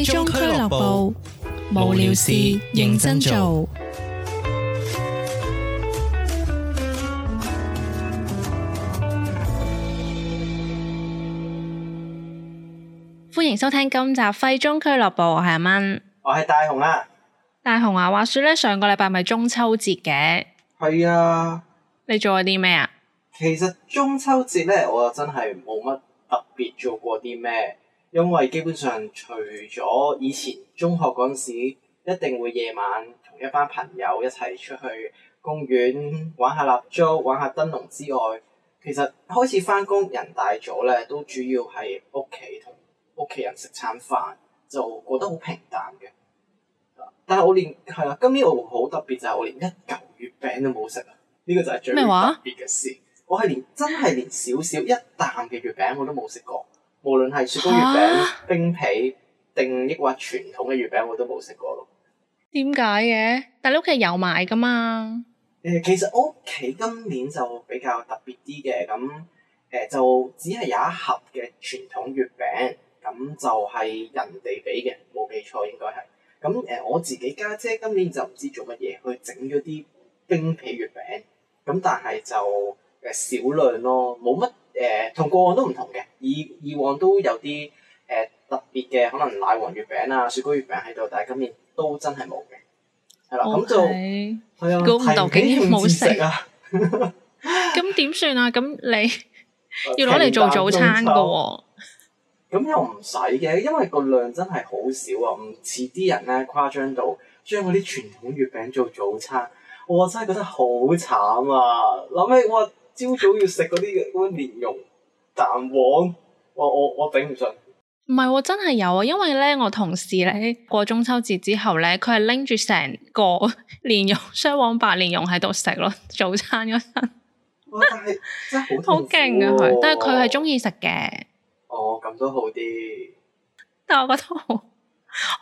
廢中俱樂部，無聊事認真做。歡迎收聽今集廢中俱樂部，我係阿蚊，我係大雄啊。大雄啊，話說咧，上個禮拜咪中秋節嘅？係啊。你做咗啲咩啊？其實中秋節咧，我真係冇乜特別做過啲咩。因為基本上，除咗以前中學嗰陣時，一定會夜晚同一班朋友一齊出去公園玩下蠟燭、玩下燈籠之外，其實開始翻工人大咗咧，都主要係屋企同屋企人食餐飯，就過得好平淡嘅。但係我連係啦，今年我好特別，就係、是、我連一嚿月餅都冇食啊！呢、這個就係最特別嘅事。麼我係連真係連少少一啖嘅月餅我都冇食過。無論係雪糕月餅、啊、冰皮定抑或傳統嘅月餅，我都冇食過咯。點解嘅？但你屋企有買㗎嘛？誒、呃，其實屋企今年就比較特別啲嘅，咁誒、呃、就只係有一盒嘅傳統月餅，咁就係人哋俾嘅，冇記錯應該係。咁誒、呃，我自己家姐今年就唔知做乜嘢，去整咗啲冰皮月餅，咁但係就誒少量咯，冇乜。誒同、呃、過往都唔同嘅，以以往都有啲誒、呃、特別嘅，可能奶黃月餅啊、雪糕月餅喺度，但係今年都真係冇嘅，係啦，咁就估唔到竟然冇食，啊。咁點算啊？咁你要攞嚟做早餐嘅喎、啊，咁又唔使嘅，因為個量真係好少啊，唔似啲人咧誇張到將嗰啲傳統月餅做早餐，我真係覺得好慘啊！諗起我。朝早要食嗰啲嗰啲蓮蓉蛋黃，我我我頂唔順。唔係喎，真係有啊！因為咧，我同事咧過中秋節之後咧，佢係拎住成個蓮蓉雙黃白蓮蓉喺度食咯，早餐嗰陣。 真係好勁啊！佢， 但係佢係中意食嘅。哦，咁都好啲。但係我覺得好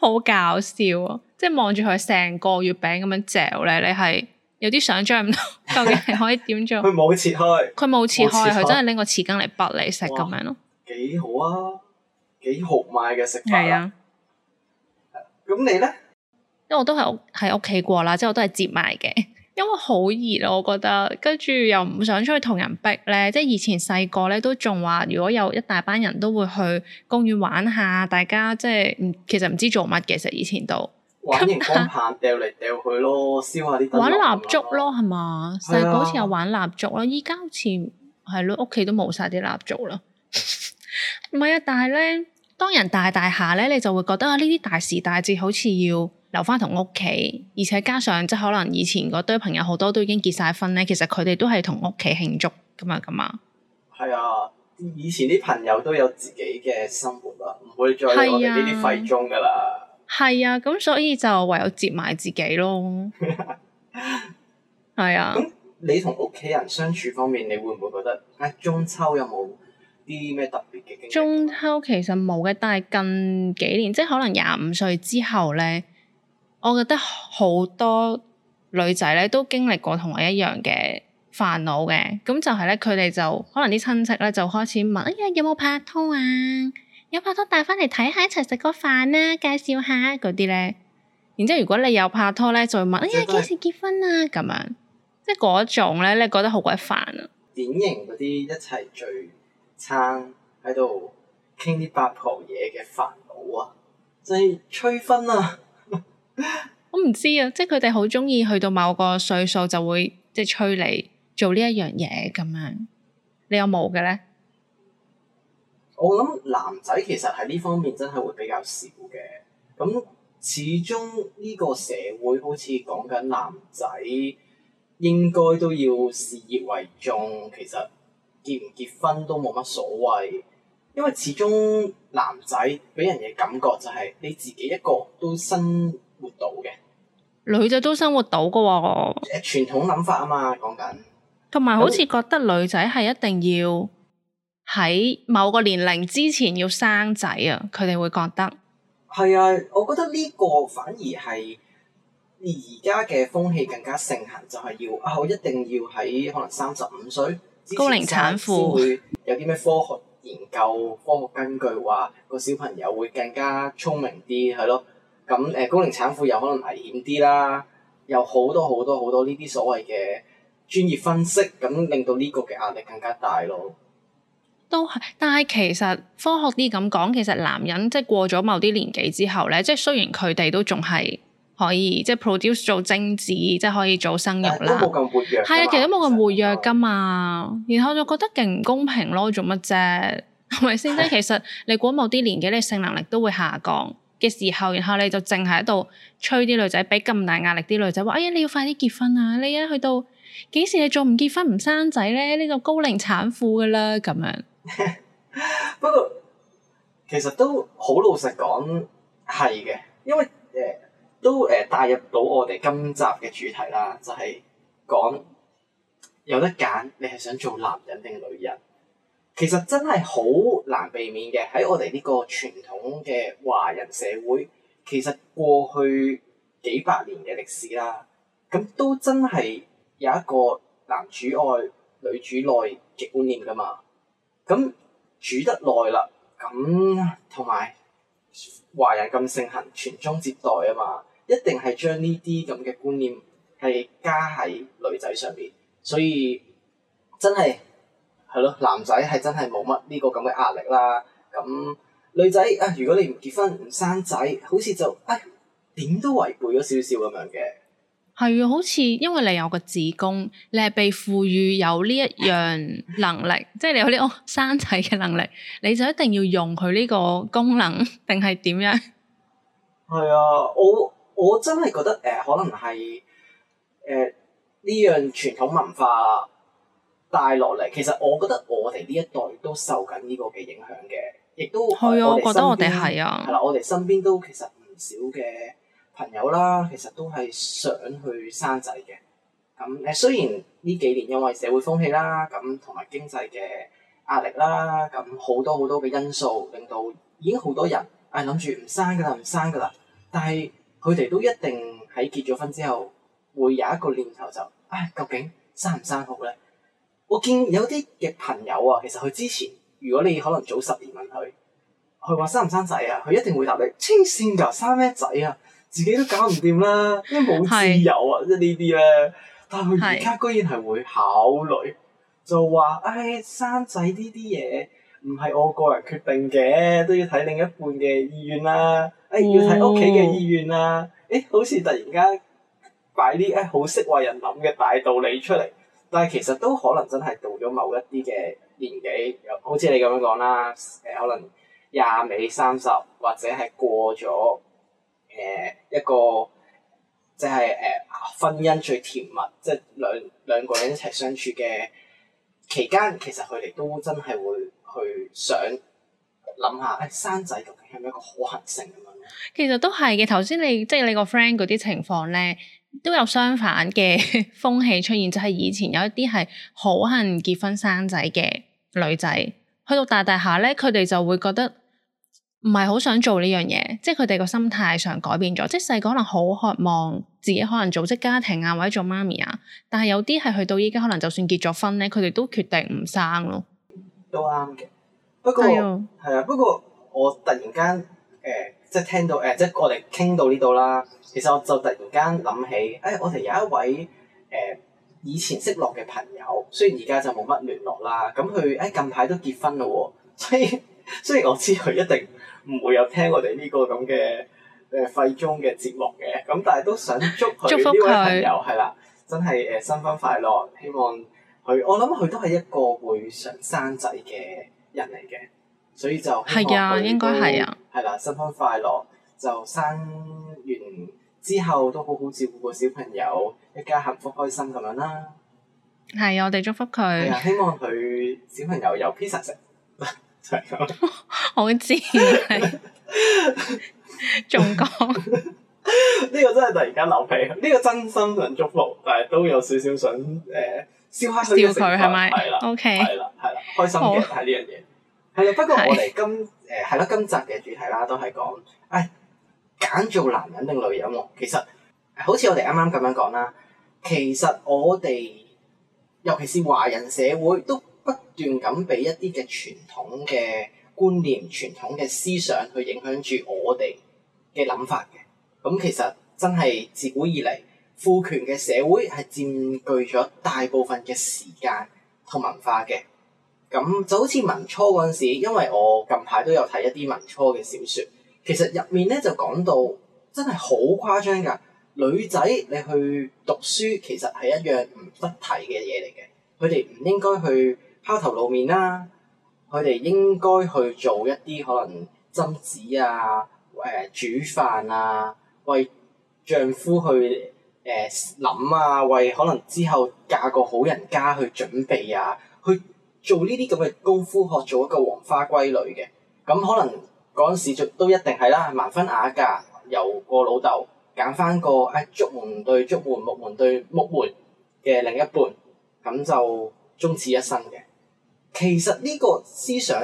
好搞笑啊、哦！即係望住佢成個月餅咁樣嚼咧，你係。有啲想像唔到究竟可以點做？佢冇 切開，佢冇切開，佢真係拎個匙羹嚟拔你食咁樣咯。幾好啊！幾豪邁嘅食法啊！咁、啊、你咧、就是？因為我都係屋喺屋企過啦，即係我都係接埋嘅，因為好熱咯，我覺得跟住又唔想出去同人逼咧。即、就、係、是、以前細個咧都仲話，如果有一大班人都會去公園玩下，大家即係唔其實唔知做乜嘅。其實以前都。玩啲火棒掉嚟掉去咯，燒下啲燈啊！玩蠟燭咯，咯，係嘛吧？細個好似有玩蠟燭咯，依、啊啊、家好似係咯，屋企都冇晒啲蠟燭啦。唔 係啊，但係咧，當人大大下咧，你就會覺得啊，呢啲大時大節好似要留翻同屋企，而且加上即係可能以前嗰堆朋友好多都已經結晒婚咧，其實佢哋都係同屋企慶祝㗎嘛，㗎嘛。係啊，以前啲朋友都有自己嘅生活啦，唔會再喺我哋呢啲廢中㗎啦。係啊，咁所以就唯有折埋自己咯。係 啊，你同屋企人相處方面，你會唔會覺得？啊，中秋有冇啲咩特別嘅經歷？中秋其實冇嘅，但係近幾年，即係可能廿五歲之後咧，我覺得好多女仔咧都經歷過同我一樣嘅煩惱嘅。咁就係咧，佢哋就可能啲親戚咧就開始問：哎呀，有冇拍拖啊？有拍拖帶翻嚟睇下一齊食個飯啦，介紹下嗰啲咧。然之後如果你有拍拖咧，就會問：是哎呀，幾時結婚啊？咁樣即係嗰種咧，你覺得好鬼煩啊？典型嗰啲一齊聚餐喺度傾啲八婆嘢嘅煩惱啊，即係催婚啊！ 我唔知啊，即係佢哋好中意去到某個歲數就會即係催你做呢一樣嘢咁樣。你有冇嘅咧？我諗男仔其實喺呢方面真係會比較少嘅，咁始終呢個社會好似講緊男仔應該都要事業為重，其實結唔結婚都冇乜所謂，因為始終男仔俾人嘅感覺就係你自己一個都生活到嘅，女仔都生活到噶喎，哦，誒傳統諗法啊嘛，講緊，同埋好似覺得女仔係一定要。喺某個年齡之前要生仔啊！佢哋會覺得係啊！我覺得呢個反而係而家嘅風氣更加盛行，就係要啊好、哦、一定要喺可能三十五歲高齡產婦會有啲咩科學研究、科學根據話個小朋友會更加聰明啲係咯。咁誒高齡產婦有可能危險啲啦，有好多好多好多呢啲所謂嘅專業分析，咁令到呢個嘅壓力更加大咯。都係，但係其實科學啲咁講，其實男人即係過咗某啲年紀之後咧，即係雖然佢哋都仲係可以即係 produce 做精子，即係可以做生育啦。係啊，的的其實都冇咁活躍噶嘛。然後就覺得勁唔公平咯，做乜啫？係咪先？即 其實你過某啲年紀，你性能力都會下降嘅時候，然後你就淨係喺度催啲女仔，俾咁大壓力啲女仔話，哎呀，你要快啲結婚啊！你一、啊、去到幾時你仲唔結婚唔生仔咧？呢個高齡產婦噶啦咁樣。 不過其實都好老實講係嘅，因為誒、呃、都誒帶入到我哋今集嘅主題啦，就係、是、講有得揀，你係想做男人定女人？其實真係好難避免嘅。喺我哋呢個傳統嘅華人社會，其實過去幾百年嘅歷史啦，咁都真係有一個男主外女主內嘅觀念噶嘛。咁煮得耐啦，咁同埋華人咁盛行傳宗接代啊嘛，一定係將呢啲咁嘅觀念係加喺女仔上邊，所以真係係咯，男仔係真係冇乜呢個咁嘅壓力啦。咁女仔啊，如果你唔結婚唔生仔，好似就誒點、啊、都違背咗少少咁樣嘅。係啊，好似因為你有個子宮，你係被賦予有呢一樣能力， 即係你有呢個生仔嘅能力，你就一定要用佢呢個功能，定係點樣？係啊，我我真係覺得誒、呃，可能係誒呢樣傳統文化帶落嚟。其實我覺得我哋呢一代都受緊呢個嘅影響嘅，亦都係啊的。我覺得我哋係啊，係啦，我哋身邊都其實唔少嘅。朋友啦，其實都係想去生仔嘅。咁誒，雖然呢幾年因為社會風氣啦，咁同埋經濟嘅壓力啦，咁好多好多嘅因素，令到已經好多人誒諗住唔生噶啦，唔生噶啦。但係佢哋都一定喺結咗婚之後，會有一個念頭就誒，究竟生唔生好咧？我見有啲嘅朋友啊，其實佢之前，如果你可能早十年問佢，佢話生唔生仔啊？佢一定回答你黐線㗎，生咩仔啊？自己都搞唔掂啦，因為冇自由啊！即係呢啲咧，但係佢而家居然係會考慮，是就話：唉、哎，生仔呢啲嘢唔係我個人決定嘅，都要睇另一半嘅意願啦，誒、哎、要睇屋企嘅意願啦。誒、哦哎、好似突然間擺啲誒好識為人諗嘅大道理出嚟，但係其實都可能真係到咗某一啲嘅年紀，好似你咁樣講啦，誒可能廿尾三十或者係過咗。誒一個即係誒、啊、婚姻最甜蜜，即係兩兩個人一齊相處嘅期間，其實佢哋都真係會去想諗下，誒、哎、生仔究竟係咪一個可行性咁樣。其實都係嘅，頭先你即係、就是、你個 friend 嗰啲情況咧，都有相反嘅風氣出現，就係、是、以前有一啲係好恨結婚生仔嘅女仔，去到大大下咧，佢哋就會覺得。唔係好想做呢樣嘢，即係佢哋個心態上改變咗。即係細個可能好渴望自己，可能組織家庭啊，或者做媽咪啊。但係有啲係去到依家，可能就算結咗婚咧，佢哋都決定唔生咯。都啱嘅。不過係啊，啊，不過我突然間誒，即係聽到誒，即係過嚟傾到呢度啦。其實我就突然間諗起，誒，我哋有一位誒以前識落嘅朋友，雖然而家就冇乜聯絡啦。咁佢誒近排都結婚啦喎。所以雖然我知佢一定，唔會有聽我哋呢個咁嘅誒廢中嘅節目嘅，咁、嗯、但係都想祝佢祝福佢呢位朋友係啦，真係誒新婚快樂！希望佢我諗佢都係一個會想生仔嘅人嚟嘅，所以就希望佢，係啊，應該係啊，係啦新婚快樂，就生完之後都好好照顧個小朋友，一家幸福開心咁樣啦。係、啊，我哋祝福佢。希望佢小朋友有 pizza 食。 我知，仲講呢個真係突然間流鼻。呢、這個真心想祝福，但係都有少少想誒、呃、笑下佢。佢係咪？係啦了，OK，係啦，係啦，開心嘅係呢樣嘢。係啦、oh.，不過我哋今誒係啦今集嘅主題啦，都係講誒揀做男人定女人喎。其實好似我哋啱啱咁樣講啦，其實我哋尤其是華人社會都。不斷咁俾一啲嘅傳統嘅觀念、傳統嘅思想去影響住我哋嘅諗法嘅，咁其實真係自古以嚟父權嘅社會係佔據咗大部分嘅時間同文化嘅，咁就好似文初嗰陣時，因為我近排都有睇一啲文初嘅小説，其實入面咧就講到真係好誇張㗎，女仔你去讀書其實係一樣唔得體嘅嘢嚟嘅，佢哋唔應該去拋頭露面啦，佢哋應該去做一啲可能針黹啊，誒、呃、煮飯啊，為丈夫去誒諗、呃、啊，為可能之後嫁個好人家去準備啊，去做呢啲咁嘅功夫學，學做一個黃花閨女嘅。咁、嗯、可能嗰陣時就都一定係啦，盲婚啞嫁由個老豆揀返個誒竹、哎、門對竹門、木門對木門嘅另一半，咁、嗯、就終此一生嘅。其實呢個思想，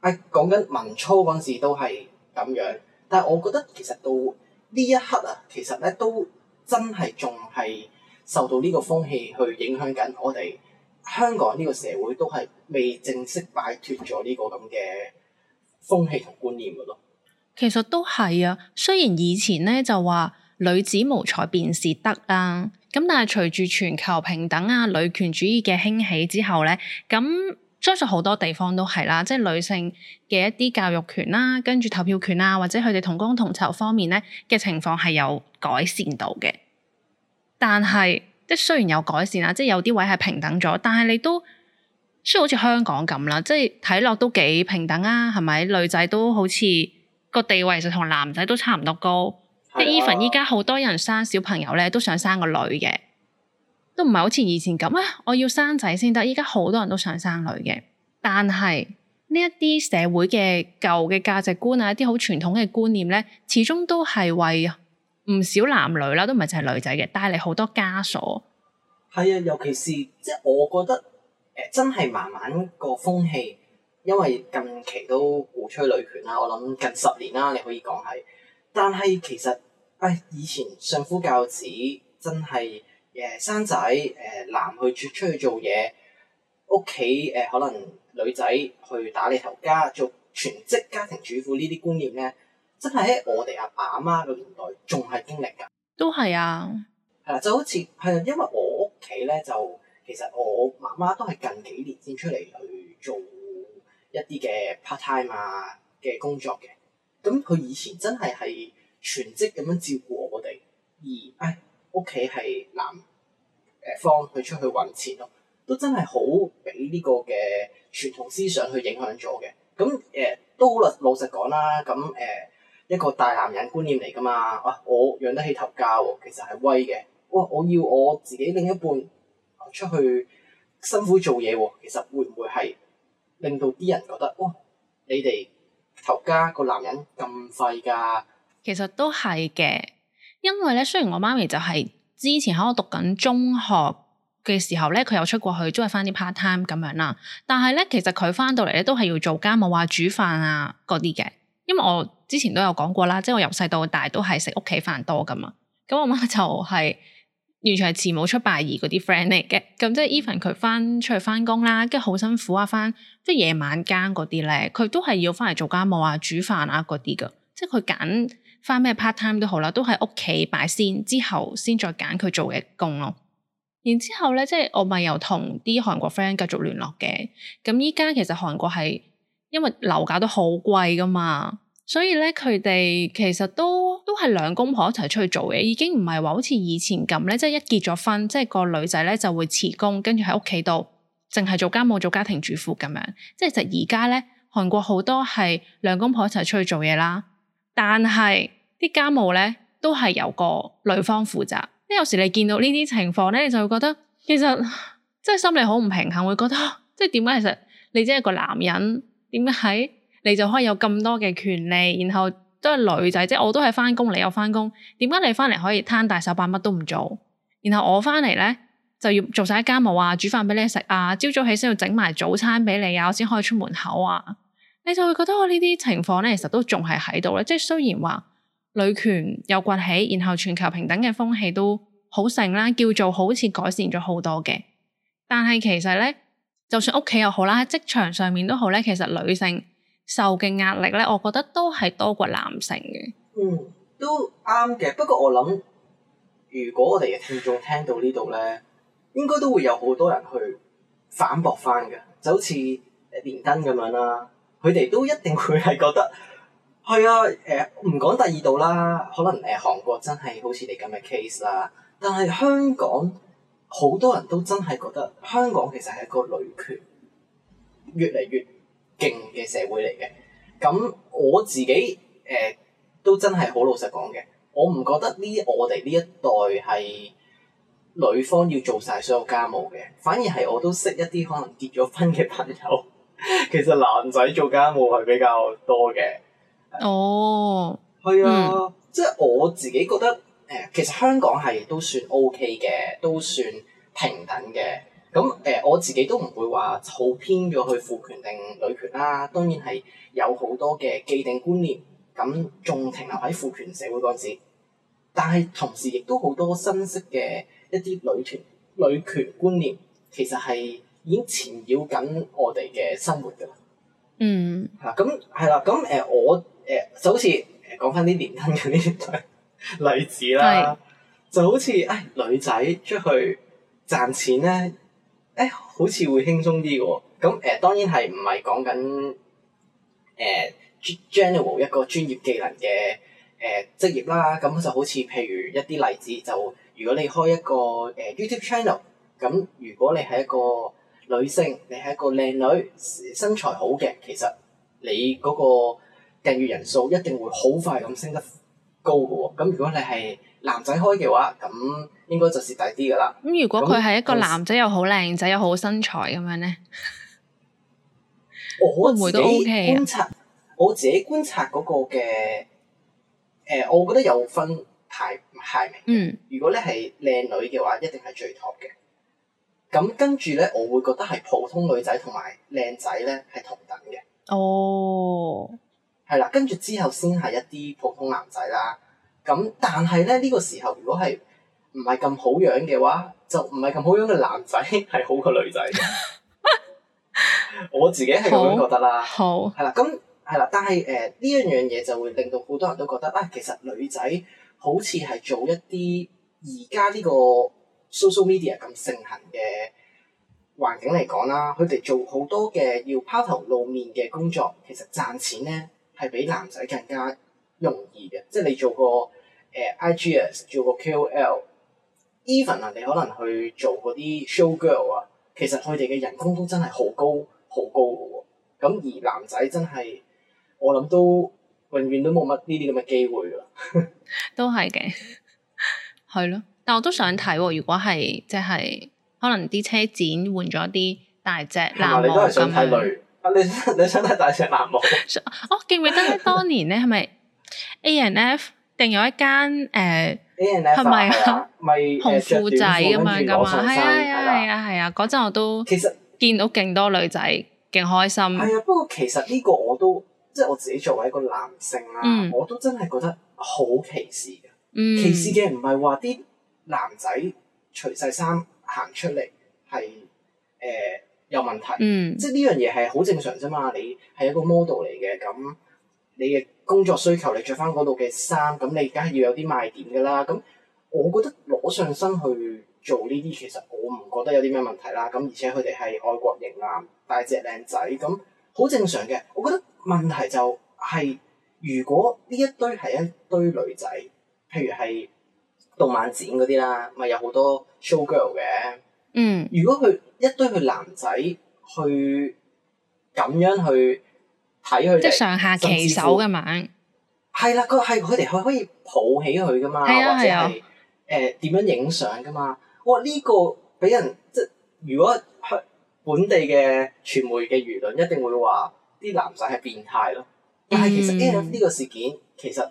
啊，講緊文初嗰陣時都係咁樣，但係我覺得其實到呢一刻啊，其實咧都真係仲係受到呢個風氣去影響緊，我哋香港呢個社會都係未正式擺脫咗呢個咁嘅風氣同觀念嘅咯。其實都係啊，雖然以前咧就話女子無才便是德啦、啊，咁但係隨住全球平等啊、女權主義嘅興起之後咧，咁。相信好多地方都係啦，即係女性嘅一啲教育權啦，跟住投票權啊，或者佢哋同工同酬方面咧嘅情況係有改善到嘅。但係即係雖然有改善啦，即係有啲位係平等咗，但係你都雖然好似香港咁啦，即係睇落都幾平等啊，係咪女仔都好似個地位其實同男仔都差唔多高？啊、即 even 依家好多人生小朋友咧，都想生個女嘅。都唔係好似以前咁啊！我要生仔先得。依家好多人都想生女嘅，但係呢一啲社會嘅舊嘅價值觀啊，一啲好傳統嘅觀念咧，始終都係為唔少男女啦，都唔係淨係女仔嘅帶嚟好多枷鎖。係啊，尤其是即係我覺得誒、欸，真係慢慢個風氣，因為近期都鼓吹女權啦。我諗近十年啦，你可以講係，但係其實誒、欸、以前相夫教子真係。誒，生仔誒，男去出出去做嘢，屋企誒，可能女仔去打理頭家做全職家庭主婦，呢啲觀念咧，真係喺我哋阿爸阿媽個年代仲係經歷㗎，都係啊，係啦，就好似係啊，因為我屋企咧，就其實我媽媽都係近幾年先出嚟去做一啲嘅 part time 啊嘅工作嘅，咁佢以前真係係全職咁樣照顧我哋，而唉。哎屋企係男誒方去出去揾錢咯，都真係好俾呢個嘅傳統思想去影響咗嘅。咁誒、欸、都好啦，老實講啦，咁誒、欸、一個大男人觀念嚟㗎嘛。哇、啊，我養得起頭家喎、哦，其實係威嘅。哇，我要我自己另一半出去辛苦做嘢喎，其實會唔會係令到啲人覺得哇，你哋頭家個男人咁廢㗎？其實都係嘅。因為咧，雖然我媽咪就係之前喺我讀緊中學嘅時候咧，佢有出過去都係翻啲 part time 咁樣啦，但係咧其實佢翻到嚟咧都係要做家務啊、話煮飯啊嗰啲嘅。因為我之前都有講過啦，即係我由細到大都係食屋企飯多噶嘛。咁我媽就係完全係慈母出敗兒嗰啲 friend 嚟嘅。咁即係 even 佢翻出去翻工啦，跟住好辛苦啊，翻即係夜晚間嗰啲咧，佢都係要翻嚟做家務啊、煮飯啊嗰啲噶。即係佢揀。翻咩 part time 都好啦，都喺屋企擺先，之後先再揀佢做嘅工咯。然之後咧，即係我咪又同啲韓國 friend 繼續聯絡嘅。咁依家其實韓國係因為樓價都好貴噶嘛，所以咧佢哋其實都都係兩公婆一齊出去做嘢。已經唔係話好似以前咁咧，即係一結咗婚，即係個女仔咧就會辭工，跟住喺屋企度淨係做家務、做家庭主婦咁樣。即係其實而家咧，韓國好多係兩公婆一齊出去做嘢啦。但係啲家務咧都係由個女方負責，即係有時你見到呢啲情況咧，你就會覺得其實真係心理好唔平衡，會覺得即係點解其實你只係個男人，點解你就可以有咁多嘅權利，然後都係女仔，即係我都係翻工，你又翻工，點解你翻嚟可以攤大手板乜都唔做，然後我翻嚟咧就要做晒啲家務啊，煮飯俾你食啊，朝早起身要整埋早餐俾你啊，我先可以出門口啊。你就會覺得我呢啲情況咧，其實都仲係喺度咧。即係雖然話女權又崛起，然後全球平等嘅風氣都好盛啦，叫做好似改善咗好多嘅。但係其實咧，就算屋企又好啦，喺職場上面都好咧，其實女性受嘅壓力咧，我覺得都係多過男性嘅。嗯，都啱嘅。不過我諗，如果我哋嘅聽眾聽到呢度咧，應該都會有好多人去反駁翻嘅，就好似電燈咁樣啦。佢哋都一定會係覺得，係啊，誒、呃、唔講第二度啦，可能誒、呃、韓國真係好似你咁嘅 case 啦，但係香港好多人都真係覺得香港其實係一個女權越嚟越勁嘅社會嚟嘅。咁我自己誒、呃、都真係好老實講嘅，我唔覺得呢，我哋呢一代係女方要做晒所有家務嘅，反而係我都識一啲可能結咗婚嘅朋友。其實男仔做家務係比較多嘅、哦，哦，係啊，即係我自己覺得誒，其實香港係都算 O K 嘅，都算平等嘅。咁誒、呃，我自己都唔會話好偏咗去父權定女權啦。當然係有好多嘅既定觀念，咁仲停留喺父權社會嗰陣時。但係同時亦都好多新式嘅一啲女權女權觀念，其實係，已經纏繞緊我哋嘅生活㗎、嗯啊、啦，嗯，嚇咁係啦，咁誒我誒、呃、就好似講翻啲年輕嘅啲例子啦，是就好似誒、哎、女仔出去賺錢咧，誒、哎、好似會輕鬆啲㗎喎，咁誒、呃、當然係唔係講緊誒 general 一個專業技能嘅誒職業啦，咁就好似譬如一啲例子，就如果你開一個誒、呃、YouTube channel，咁如果你係一個女性，你係一個靚女，身材好嘅，其實你嗰個訂閲人數一定會好快咁升得高嘅喎、哦。咁如果你係男仔開嘅話，咁應該就蝕底啲噶啦。咁如果佢係一個男仔那又好靚仔又好身材咁樣咧，會唔會都 OK？我、啊、我自己觀察，我自己觀察嗰個嘅，誒、呃，我覺得有分排排名。嗯，如果你係靚女嘅話，一定係最 top 嘅。咁跟住咧，我會覺得係普通女仔同埋靚仔咧係同等嘅。哦，係啦，跟住之後先係一啲普通男仔啦。咁但係咧呢，呢個時候，如果係唔係咁好樣嘅話，就唔係咁好樣嘅男仔係好過女仔。 我自己係咁樣覺得啦。好係啦，咁係啦，但係誒呢一樣嘢就會令到好多人都覺得啊，其實女仔好似係做一啲而家呢個。social media 咁盛行嘅環境嚟講啦，佢哋做好多嘅要拋頭露面嘅工作，其實賺錢咧係比男仔更加容易嘅。即係你做個誒、呃、IGS，做個 KOL，even 啊，你可能去做嗰啲 show girl 啊，其實佢哋嘅人工都真係好高好高嘅喎。咁而男仔真係我諗都永遠都冇乜呢啲咁嘅機會㗎。 都係是嘅，係 咯。我都想睇喎，如果係即係可能啲車展換咗啲大隻男模，咁你都係想睇女啊？你你想睇大隻男模？我記唔記得當年咧係咪 ANF 定有一間誒係咪啊？咪紅褲仔咁樣㗎嘛！係啊係啊係啊！嗰陣我都其實見到勁多女仔勁開心。係啊，不過其實呢個我都即係我自己作為一個男性啦，我都真係覺得好歧視嘅。歧視嘅唔係話啲。男仔除晒衫行出嚟係誒有問題，mm. 即係呢樣嘢係好正常啫嘛。你係一個 model 嚟嘅，咁你嘅工作需求你着翻嗰度嘅衫，咁你梗係要有啲賣點㗎啦。咁我覺得攞上身去做呢啲，其實我唔覺得有啲咩問題啦。咁而且佢哋係愛國型男，大隻靚仔，咁好正常嘅。我覺得問題就係，如果呢一堆係一堆女仔，譬如係。動漫展嗰啲啦，咪有好多 show girl 嘅。嗯，如果佢一堆佢男仔去咁樣去睇佢，即係上下其手咁嘛，係啦，佢係佢哋佢可以抱起佢噶嘛，的或者係誒點樣影相噶嘛。我呢、這個俾人即係如果本地嘅傳媒嘅輿論一定會話啲男仔係變態咯。但係其實呢、嗯、個事件其實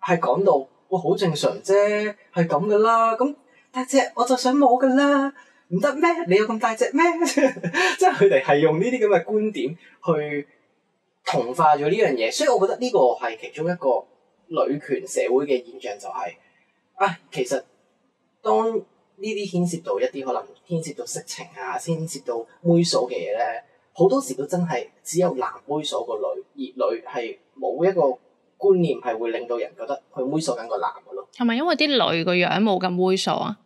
係講到。我好正常啫、啊，係咁噶啦。咁大隻我就想摸噶啦，唔得咩？你有咁大隻咩？即係佢哋係用呢啲咁嘅觀點去同化咗呢樣嘢，所以我覺得呢個係其中一個女權社會嘅現象就係啊，其實當呢啲牽涉到一啲可能牽涉到色情啊、牽涉到猥瑣嘅嘢咧，好多時都真係只有男猥瑣過女，而女係冇一個。觀念係會令到人覺得佢猥瑣緊個男嘅咯，係咪因為啲女個樣冇咁猥瑣啊？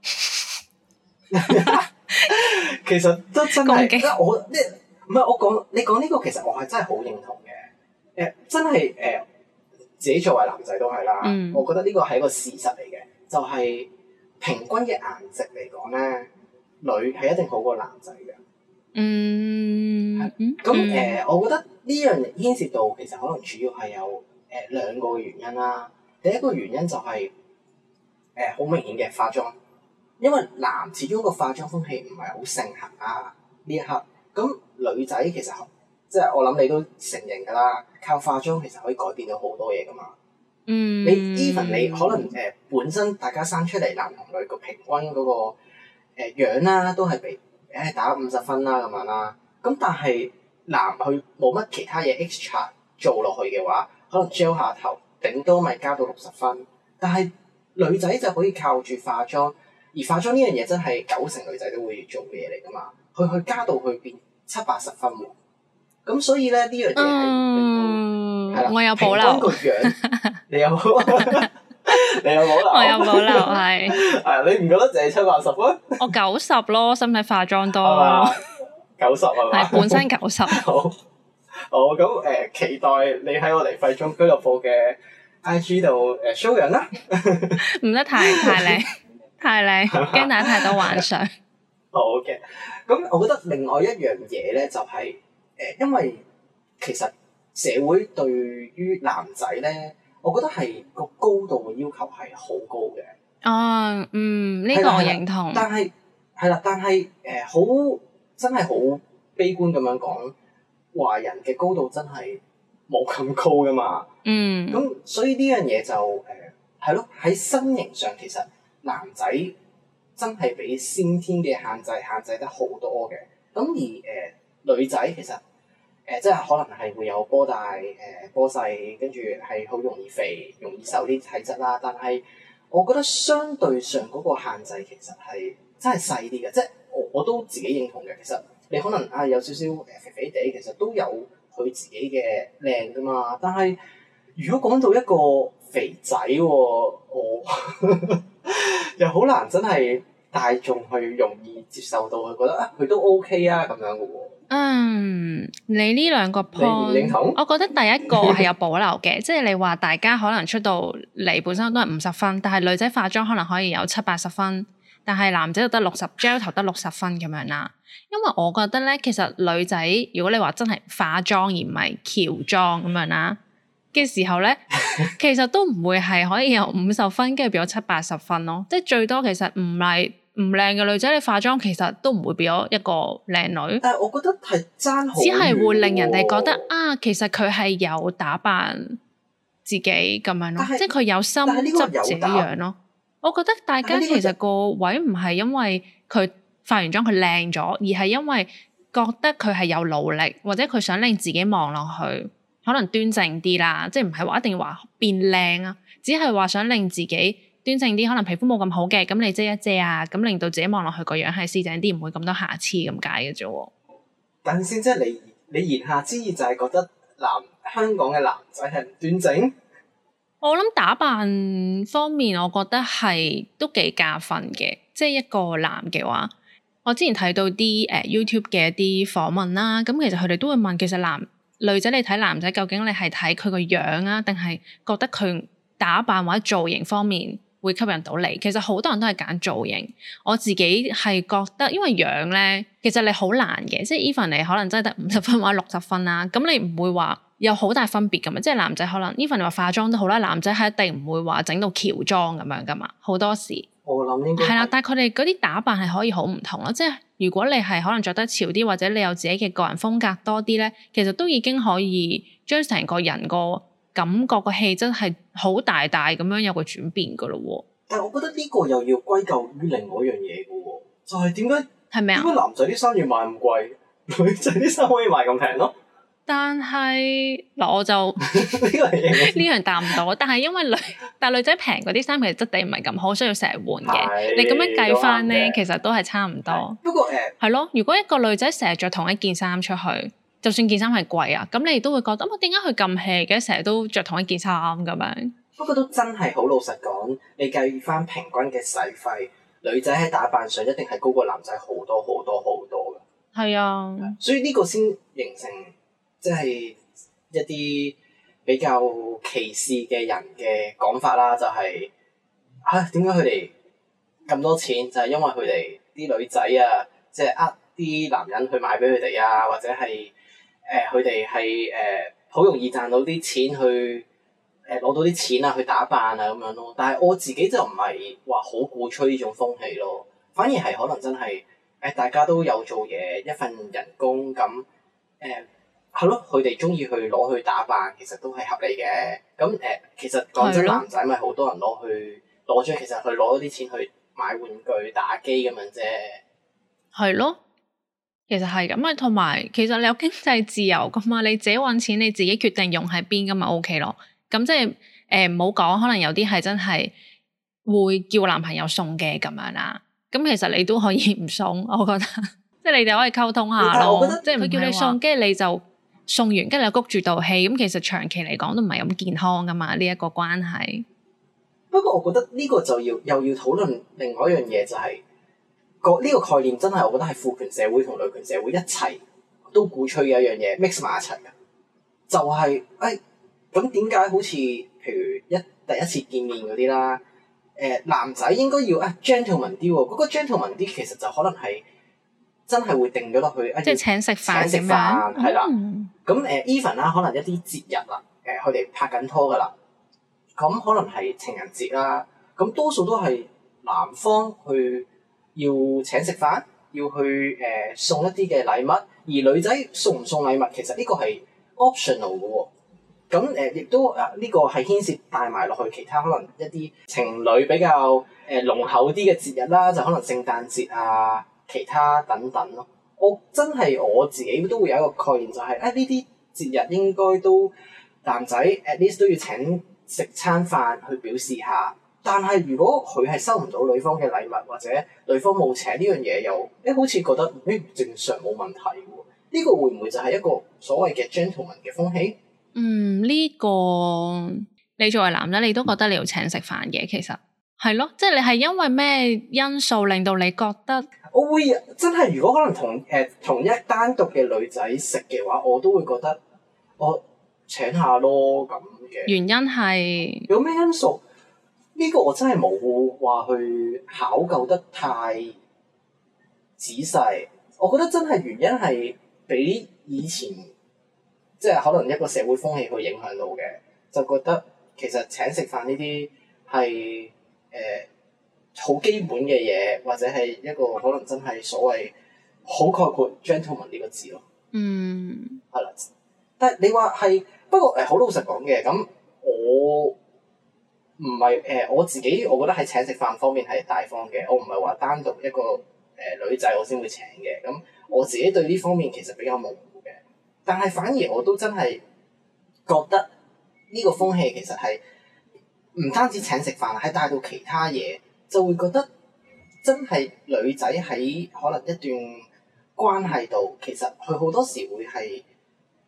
其實都真係擊，我啲唔係我講你講呢個，其實我係真係好認同嘅。誒、呃，真係誒、呃，自己作為男仔都係啦。嗯、我覺得呢個係一個事實嚟嘅，就係、是、平均嘅顏值嚟講咧，女係一定好過男仔嘅。嗯，咁誒，呃嗯、我覺得呢樣牽涉到，其實可能主要係有。誒兩個原因啦、啊，第一個原因就係誒好明顯嘅化妝，因為男始終個化妝風氣唔係好盛行啊呢一刻。咁女仔其實即係我諗你都承認㗎啦，靠化妝其實可以改變到好多嘢噶嘛。嗯、mm，hmm. 你 even 你可能誒、呃、本身大家生出嚟男同女個平均嗰、那個誒、呃、樣啦、啊，都係俾誒打五十分啦、啊、咁樣啦、啊。咁但係男去冇乜其他嘢 extra 做落去嘅話。可能 gel 下頭，頂多咪加到六十分。但係女仔就可以靠住化妝，而化妝呢樣嘢真係九成女仔都會做嘅嘢嚟噶嘛。佢去加到去變七八十分喎。咁所以咧呢樣嘢係，係啦。嗯、的我有保留。樣 你有， 你有保留。我有保留，係。係 你唔覺得淨係七八十分？ 我九十咯，因使化妝多九十啊？係 本身九十。 好咁誒、嗯，期待你喺我哋廢中俱樂部嘅 IG 度誒、呃、show 人啦，唔得太太靚，太靚，驚 得太多幻想、okay. 嗯。好嘅，咁我覺得另外一樣嘢咧，就係、是、誒、呃，因為其實社會對於男仔咧，我覺得係個高度嘅要求係好高嘅。啊、哦，嗯，呢、這個我認同，但係係啦，但係誒，好、呃呃、真係好悲觀咁樣講。華人嘅高度真係冇咁高㗎嘛？嗯，咁所以呢樣嘢就誒係咯，喺、呃、身形上其實男仔真係比先天嘅限制限制得好多嘅。咁而誒、呃、女仔其實誒、呃、即係可能係會有波大誒、呃、波細，跟住係好容易肥、容易瘦啲體質啦。但係我覺得相對上嗰個限制其實係真係細啲嘅，即係我我都自己認同嘅，其實。你可能啊有少少肥肥哋，其實都有佢自己嘅靚噶嘛。但係如果講到一個肥仔喎、哦，我 又好難真係大眾去容易接受到，佢覺得啊佢都 OK 啊咁樣噶喎、哦。嗯，你呢兩個 point 我覺得第一個係有保留嘅，即係你話大家可能出到嚟本身都係五十分，但係女仔化妝可能可以有七八十分。但係男仔就得六十，gel 頭得六十分咁樣啦。因為我覺得咧，其實女仔如果你話真係化妝而唔係喬裝咁樣啦嘅時候咧， 其實都唔會係可以有五十分跟住變咗七八十分咯。即係最多其實唔係唔靚嘅女仔，你化妝其實都唔會變咗一個靚女。但係我覺得係爭，只係會令人哋覺得啊，其實佢係有打扮自己咁樣咯，是即係佢有心執這樣咯。我覺得大家其實個位唔係因為佢化完妝佢靚咗，而係因為覺得佢係有努力，或者佢想令自己望落去可能端正啲啦。即係唔係話一定要話變靚啊，只係話想令自己端正啲，可能皮膚冇咁好嘅，咁你遮一遮啊，咁令到自己望落去個樣係斯整啲，唔會咁多瑕疵咁解嘅啫。等先，即係你你言下之意就係覺得男香港嘅男仔係唔端正？我諗打扮方面，我覺得係都幾加分嘅。即係一個男嘅話，我之前睇到啲誒、呃、YouTube 嘅一啲訪問啦，咁、嗯、其實佢哋都會問，其實男女仔你睇男仔究竟你係睇佢個樣啊，定係覺得佢打扮或者造型方面會吸引到你？其實好多人都係揀造型。我自己係覺得，因為樣咧，其實你好難嘅，即係 even 你可能真係得五十分或者六十分啦、啊、咁、嗯、你唔會話。有好大分別噶嘛？即係男仔可能呢份話化妝都好啦，男仔係一定唔會話整到喬裝咁樣噶嘛。好多時我諗應該係啦，但係佢哋嗰啲打扮係可以好唔同咯。即係如果你係可能着得潮啲，或者你有自己嘅個人風格多啲咧，其實都已經可以將成個人個感覺個氣質係好大大咁樣有個轉變噶咯。但係我覺得呢個又要歸咎於另外一樣嘢噶喎，就係點解係咪啊？點解男仔啲衫要賣咁貴，女仔啲衫可以賣咁平咯？但係嗱，我就呢樣答唔到。 但係因為女但女仔平嗰啲衫其實質地唔係咁好，所以要成日換嘅。是你咁樣計翻咧，對其實都係差唔多。不過誒，係咯。如果一個女仔成日着同一件衫出去，就算件衫係貴啊，咁你都會覺得我點解佢咁 hea 嘅？成日都着同一件衫咁樣。不過都真係好老實講，你計翻平均嘅使費，女仔喺打扮上一定係高過男仔好多好多好多嘅。係啊，所以呢個先形成。即係一啲比較歧視嘅人嘅講法啦，就係嚇點解佢哋咁多錢？就係、是、因為佢哋啲女仔啊，即係呃啲男人去買俾佢哋啊，或者係誒佢哋係誒好容易賺到啲錢去誒攞到啲錢啊，去打扮啊咁樣咯。但係我自己就唔係話好鼓吹呢種風氣咯，反而係可能真係誒、呃、大家都有做嘢一份人工咁誒。係咯，佢哋中意去攞去打扮，其實都係合理嘅。咁誒，其實講真，男仔咪好多人攞去攞出，的其實去攞啲錢去買玩具、打機咁樣啫。係咯，其實係咁啊。同埋，其實你有經濟自由噶嘛？你自己揾錢，你自己決定用喺邊噶嘛？O K 咯。咁即係唔好講，可能有啲係真係會叫男朋友送嘅咁樣啦。咁其實你都可以唔送，我覺得。即 係你哋可以溝通下咯。即係佢叫你送，跟住你就。送完跟住又谷住道氣，咁其實長期嚟講都唔係咁健康噶嘛。呢一個關係，不過我覺得呢個就要又要討論另外一樣嘢，就係個呢個概念真係我覺得係父權社會同女權社會一齊都鼓吹嘅一樣嘢 mix 埋一齊嘅，就係誒咁點解好似譬如一第一次見面嗰啲啦，誒男仔應該要誒、哎、gentleman 啲喎，嗰、嗰個 gentleman 啲其實就可能係。真係會定咗落去，即係請食飯請食飯咁樣，係啦的。咁誒，even 啦，可能一啲節日啦，誒，佢哋拍緊拖噶啦，咁可能係情人節啦。咁多數都係男方去要請食飯，要去誒送一啲嘅禮物。而女仔送唔送禮物，其實呢個係 optional 嘅喎。咁誒，亦都啊，呢個係牽涉帶埋落去其他可能一啲情侶比較誒濃厚啲嘅節日啦，就可能聖誕節啊。其他等等咯，我真係我自己都會有一個概念，就係、是、啊呢啲節日應該都男仔 at least 都要請食餐飯去表示下。但係如果佢係收唔到女方嘅禮物，或者女方冇請呢樣嘢，又誒好似覺得呢唔、欸、正常冇問題喎。呢、這個會唔會就係一個所謂嘅 gentleman 嘅風氣？嗯，呢、這個，你作為男仔，你都覺得你要請食飯嘅，其實係咯，即係你係因為咩因素令到你覺得？我會真係，如果可能同誒、呃、同一單獨嘅女仔食嘅話，我都會覺得我、哦、請下咯咁嘅。原因係有咩因素？呢、這個我真係冇話去考究得太仔細。我覺得真係原因係比以前，即係可能一個社會風氣去影響到嘅，就覺得其實請食飯呢啲係誒。呃好基本嘅嘢，或者係一個可能真係所謂好概括 gentleman 呢個字咯。嗯，係啦，但係你話係不過誒，好、欸、老實講嘅咁，我唔係誒我自己，我覺得喺請食飯方面係大方嘅。我唔係話單獨一個誒、呃、女仔我先會請嘅。咁我自己對呢方面其實比較模糊嘅，但係反而我都真係覺得呢個風氣其實係唔單止請食飯啦，係帶到其他嘢。就會覺得真係女仔喺可能一段關係度，其實佢好多時會係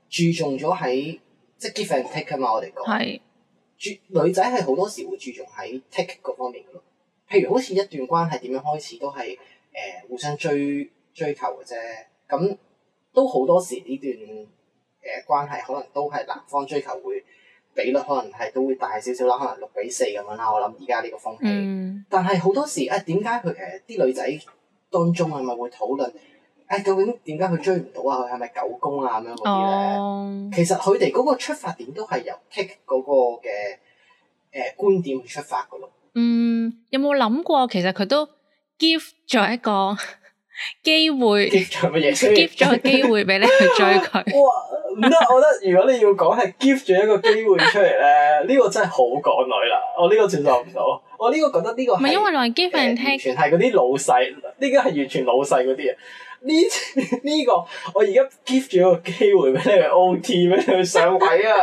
注重咗喺即係 give and take 啊嘛，我哋講，注是女仔係好多時會注重喺 take 嗰方面嘅咯。譬如好似一段關係點樣開始都係誒、呃、互相追追求嘅啫，咁都好多時呢段誒、呃、關係可能都係男方追求會。比率可能係都會大少少啦，可能六比四咁樣啦。我諗而家呢個風氣，嗯、但係好多時誒點解佢其實啲女仔當中係咪會討論誒究竟點解佢追唔到啊？佢係咪狗公啊咁樣嗰啲咧？其實佢哋嗰個出發點都係由 kick 嗰個嘅誒、呃、觀點去出發噶咯。嗯，有冇諗過其實佢都 give 咗一個機會 give 咗乜嘢？give 咗機會俾你去追佢。唔得，我覺得如果你要講係 give 咗一個機會出嚟咧，呢 個真係好港女啦。我呢個接受唔到，我呢個覺得呢個唔係因為來 give and take 完全係嗰啲老細，呢、呢個係完全老細嗰啲啊。呢、呢、呢、個呢個我而家 give 咗一個機會俾你 ot 俾你去上位啊！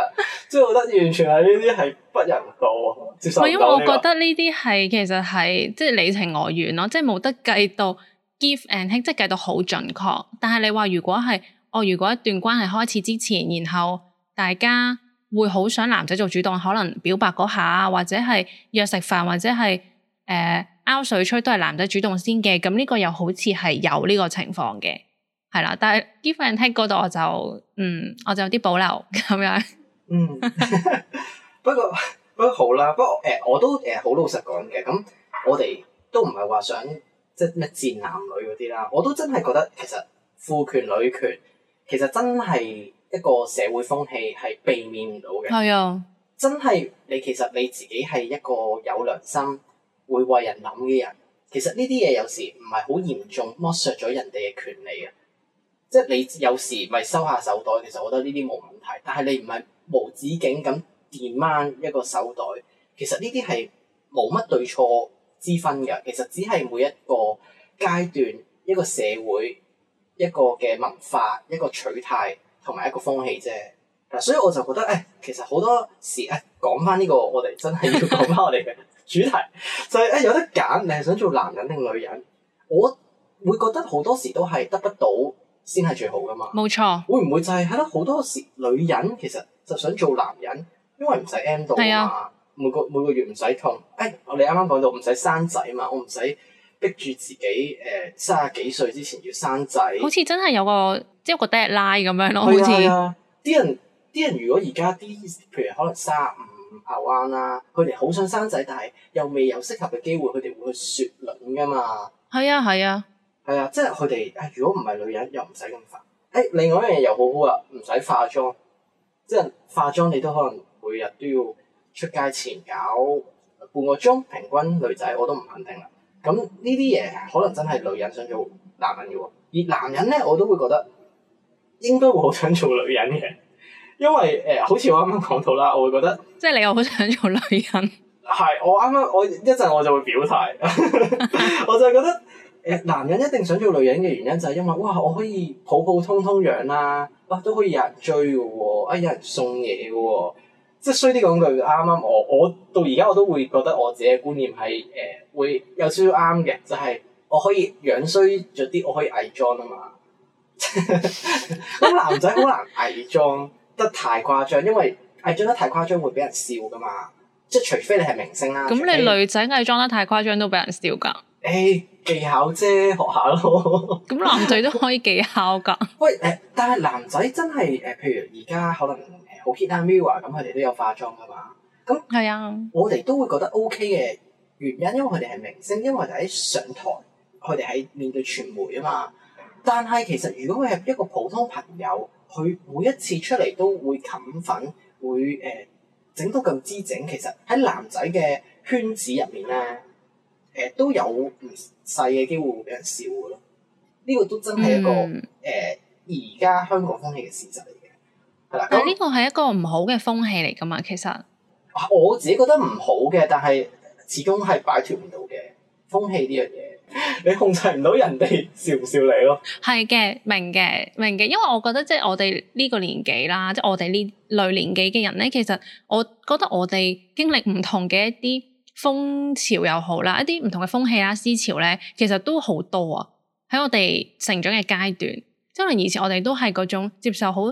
即係我覺得完全係呢啲係不人道啊。接受唔係 這個 因為我覺得呢啲係其實係即係你情我願咯，即係冇得計到 give and take 即係計到好準確。但係你話如果係。哦，如果一段關係開始之前，然後大家會好想男仔做主動，可能表白嗰下，或者係約食飯，或者係誒拗水吹都係男仔主動先嘅。咁、這、呢個又好似係有呢個情況嘅，係啦。但係呢份喺嗰度我就，嗯，我就有啲保留咁樣。嗯 不，不過不過好啦，不過誒、呃，我都誒、呃呃、好老實講嘅。咁我哋都唔係話想即係咩戰男女嗰啲啦。我都真係覺得其實父權女權。女權其實真係一個社會風氣係避免唔到嘅，係啊， 真係你其實你自己係一個有良心、會為人諗嘅人。其實呢啲嘢有時唔係好嚴重剝削咗人哋嘅權利啊。即係你有時咪收下手袋，其實我覺得呢啲冇問題。但係你唔係無止境咁 demand 一個手袋，其實呢啲係冇乜對錯之分嘅。其實只係每一個階段一個社會。一個嘅文化，一個取態同埋一個風氣啫。嗱，所以我就覺得，誒，其實好多時，誒，講翻呢個我哋真係要講翻我哋嘅主題，就係誒有得揀，你係想做男人定女人？我會覺得好多時都係得不到先係最好㗎嘛。冇錯。會唔會就係係咯？好多時女人其實就想做男人，因為唔使 M 到啊嘛，每個每個月唔使痛。誒，我哋啱啱講到唔使生仔嘛，我唔使。逼住自己，誒、呃、三十幾歲之前要生仔，好似真係有個 即係個 deadline 咁樣咯、啊。好似啲人啲人，人如果而家啲譬如可能三十五後晏啦，佢哋好想生仔，但係又未有適合嘅機會，佢哋會去雪卵噶嘛。係啊，係啊，係啊，啊、啊，即係佢哋。誒，如果唔係女人，又唔使咁煩。誒、哎，另外一樣嘢又好好啊，唔使化妝。即係化妝，你都可能每日都要出街前搞半個鐘。平均女仔我都唔肯定啦。咁呢啲嘢可能真係女人想做男人嘅喎，而男人咧我都會覺得應該會好想做女人嘅，因為誒、呃、好似我啱啱講到啦，我會覺得即係你又好想做女人，係我啱啱我，我一陣我就會表態， 我就係覺得誒、呃、男人一定想做女人嘅原因就係因為哇我可以普普通通樣啦、啊，哇、啊、都可以有人追嘅喎、啊，哎、啊有人送嘢嘅喎。即衰啲講句，啱啱我我到而家我都會覺得我自己嘅觀念係誒、呃、會有少少啱嘅，就係、是、我可以樣衰咗啲，我可以偽裝啊嘛。咁 男仔好難偽裝得太誇張，因為偽裝得太誇張會俾人笑噶嘛。即除非你係明星啦。咁你女仔偽裝得太誇張都俾人笑噶。誒、哎、技巧啫，學下咯。咁男仔都可以技巧噶。 喂誒、呃，但係男仔真係誒、呃，譬如而家可能。普吉拉、MIRROR 啊，咁佢哋都有化妝噶嘛？咁係啊，Yeah. 我哋都會覺得 O K 嘅原因，因為佢哋係明星，因為為佢哋喺上台，佢哋係面對傳媒啊嘛。但係其實如果佢係一個普通朋友，佢每一次出嚟都會冚粉，會誒、呃、整到咁滋整，其實喺男仔嘅圈子入面咧，誒、呃、都有唔細嘅機會會俾人笑嘅咯。呢、這個都真係一個誒而家香港風氣嘅事實嚟。但係呢個係一個唔好嘅風氣嚟噶嘛，其實我自己覺得唔好嘅，但係始終係擺脫唔到嘅風氣呢樣嘢，你控制唔到人哋笑唔笑你咯。係嘅，明嘅，明嘅，因為我覺得即係我哋呢個年紀啦，即係我哋呢類年紀嘅人咧，其實我覺得我哋經歷唔同嘅一啲風潮又好啦，一啲唔同嘅風氣啊思潮咧，其實都好多啊，喺我哋成長嘅階段，即係以前我哋都係嗰種接受好。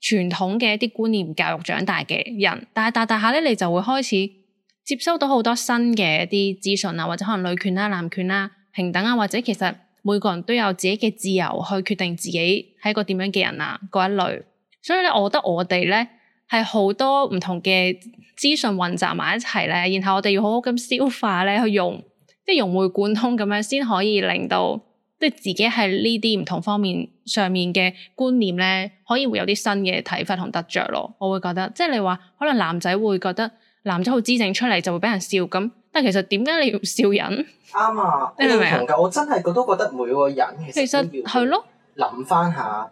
傳統嘅一啲觀念教育長大嘅人，但係大大下咧，你就會開始接收到好多新嘅一啲資訊啊，或者可能女權啦、啊、男權啦、啊、平等啊，或者其實每個人都有自己嘅自由去決定自己係一個點樣嘅人啊，嗰一類。所以咧，我覺得我哋咧係好多唔同嘅資訊混雜埋一齊咧，然後我哋要好好咁消化咧，去融即係融會貫通咁樣，先可以令到。即係自己喺呢啲唔同方面上面嘅觀念咧，可以會有啲新嘅睇法同得着咯。我會覺得，即係你話可能男仔會覺得男仔好姿整出嚟就會俾人笑咁，但係其實點解你要笑人？啱啊，你明唔明？我真係我都覺得每個人其實係咯，諗翻下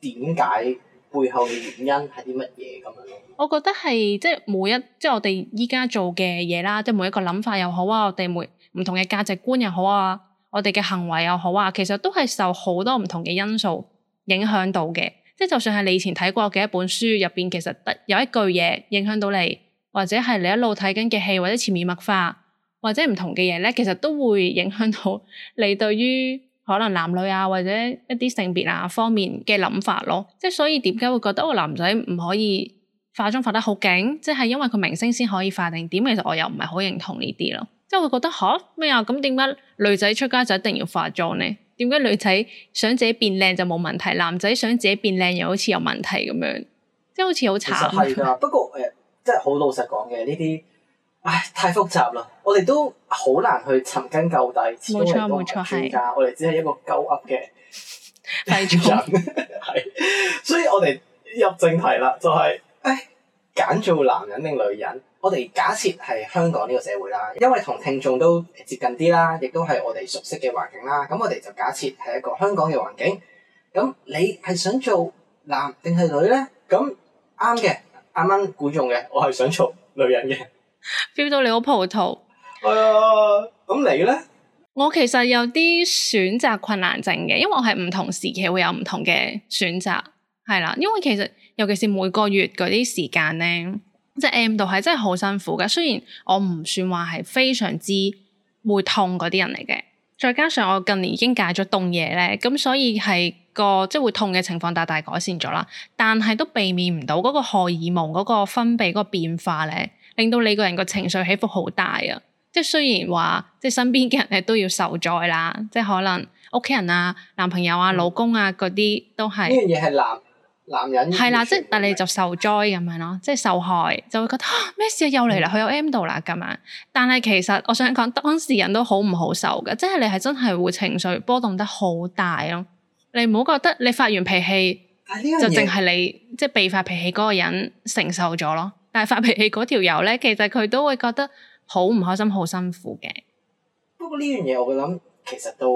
點解背後嘅原因係啲乜嘢咁樣。我覺得係即係每一即係我哋依家做嘅嘢啦，即係每一個諗法又好啊，我哋每唔同嘅價值觀又好啊。我哋嘅行為又好啊，其實都係受好多唔同嘅因素影響到嘅。即係就算係你以前睇過嘅一本書入邊，其實得有一句嘢影響到你，或者係你一路睇緊嘅戲，或者潛移默化，或者唔同嘅嘢咧，其實都會影響到你對於可能男女啊或者一啲性別啊方面嘅諗法咯。即係所以點解會覺得個男仔唔可以化妝化得好勁？即係因為佢明星先可以化定點？其實我又唔係好認同呢啲咯。即係會覺得吓咩啊？咁點解女仔出街就一定要化妝呢？點解女仔想自己變靚就冇問題，男仔想自己變靚又好似有問題咁樣？即係好似好慘。係 不過即係好老實講嘅呢啲，唉，太複雜啦。我哋都好難去尋根究底，冇錯，始終都專家，錯的我哋只係一個鳩噏嘅第人，係。所以我哋入正題啦，就係、誒，唉，揀做男人定女人？我哋假設係香港呢個社會啦，因為同聽眾都接近啲啦，亦都係我哋熟悉嘅環境啦。咁我哋就假設係一個香港嘅環境。咁你係想做男定係女咧？咁啱嘅，啱啱估中嘅，我係想做女人嘅。Feel 到你好葡萄。係啊，uh，咁你咧？我其實有啲選擇困難症嘅，因為我係唔同時期會有唔同嘅選擇，係啦。因為其實尤其是每個月嗰啲時間咧。即係 M 度係真係好辛苦嘅，雖然我唔算話係非常之會痛嗰啲人嚟嘅，再加上我近年已經戒咗凍嘢咧，咁所以係個即係會痛嘅情況大大改善咗啦，但係都避免唔到嗰個荷爾蒙嗰個分泌嗰個變化咧，令到你個人個情緒起伏好大啊！即係雖然話即係身邊嘅人咧都要受災啦，即係可能屋企人啊、男朋友啊、嗯、老公啊嗰啲都係。呢樣嘢係男。係啦，即係但你就受災咁樣咯，即係的受害就會覺得啊，咩事啊，又嚟啦，佢到 M 度啦咁樣。但係其實我想講，當事人都好唔好受噶，即係你係真係會情緒波動得好大咯。你唔好覺得你發完脾氣，就淨係你即係被發脾氣嗰個人承受咗咯。但係發脾氣嗰條友咧，其實佢都會覺得好唔開心，好辛苦嘅。不過呢樣嘢我會諗，其實到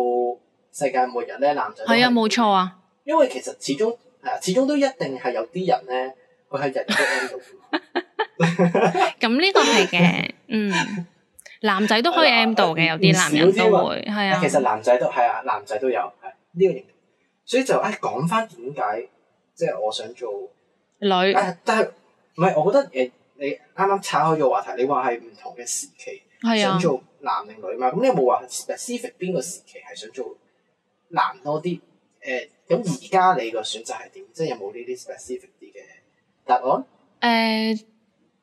世界末日咧，男仔係啊，冇錯啊，因為其實始終。係始終都一定係有啲人咧，佢係入 M 度。咁呢 個係嘅，嗯， 男仔都可以 ries M、um、度嘅，有啲男人都會係啊。其實男仔都係啊，男仔都有係呢個認同。所以就誒講翻點解，即係我想做女。Maple 但係唔係我覺得誒，你啱啱岔開咗話題，你話係唔同嘅時期，係啊，想做男定女嘛？咁你冇話 specific 邊個時期係想做男多啲？誒，咁而家你個選擇係點？即係有冇呢啲 specific 啲嘅答案？誒，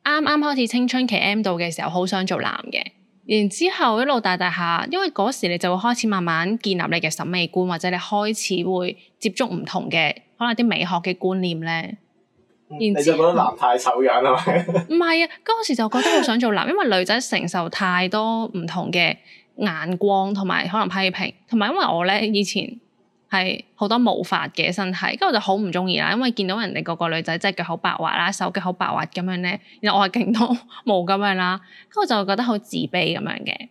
啱啱開始青春期 M 到嘅時候，好想做男嘅。然之後一路大大下，因為嗰時你就會開始慢慢建立你嘅審美觀，或者你開始會接觸唔同嘅可能啲美學嘅觀念咧。嗯、然之後你就覺得男太醜樣係咪？唔 係啊，嗰時就覺得好想做男，因為女仔承受太多唔同嘅眼光同埋可能批評，同埋因為我咧以前。係好多毛髮嘅身體，跟住我就好唔中意啦，因為見到人哋個個女仔即係腳好白滑啦，手腳好白滑咁樣咧，然後我係勁多毛咁樣啦，跟住我就覺得好自卑咁樣嘅。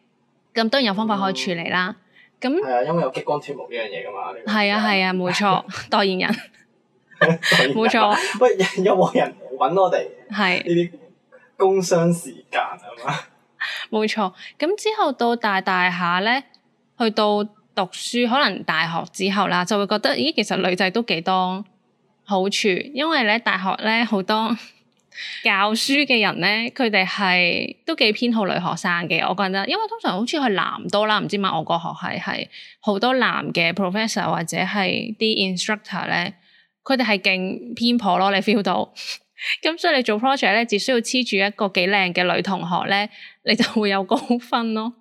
咁當然有方法可以處理啦。咁係啊，因為有激光脫毛呢樣嘢㗎嘛。係啊係啊，冇錯，代言人。冇錯。喂，有冇人搵我哋？係呢啲工商時間係嘛？冇錯。咁之後到大大下咧，去到。讀書可能大學之後啦，就會覺得咦，其實女仔都幾多好處，因為咧大學咧好多 教書嘅人咧，佢哋係都幾偏好女學生嘅。我覺得，因為通常好似去男多啦，唔知嘛，我個學系係好多男嘅 professor 或者係啲 instructor 咧，佢哋係勁偏頗咯，你 feel 到。咁 所以你做 project 咧，只需要黐住一個幾靚嘅女同學咧，你就會有高分咯。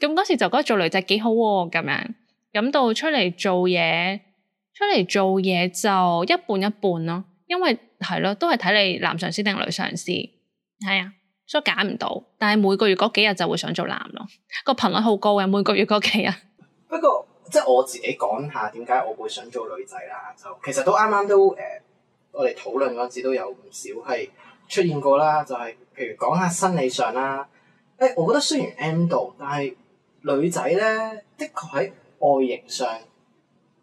咁嗰時就覺得做女仔幾好喎、啊，咁樣，咁到出嚟做嘢，出嚟做嘢就一半一半咯、啊，因為係咯，都係睇你男上司定女上司，係啊，所以揀唔到，但係每個月嗰幾日就會想做男咯，個頻率好高嘅，啊，每個月嗰期啊。不過即係我自己講下點解我會想做女仔啦，就其實都啱啱都誒、呃，我哋討論嗰時都有唔少係出現過啦，是的 就係、是、譬如講下生理上啦，誒、欸，我覺得雖然 M 度，但係。女仔咧，的確喺外形上，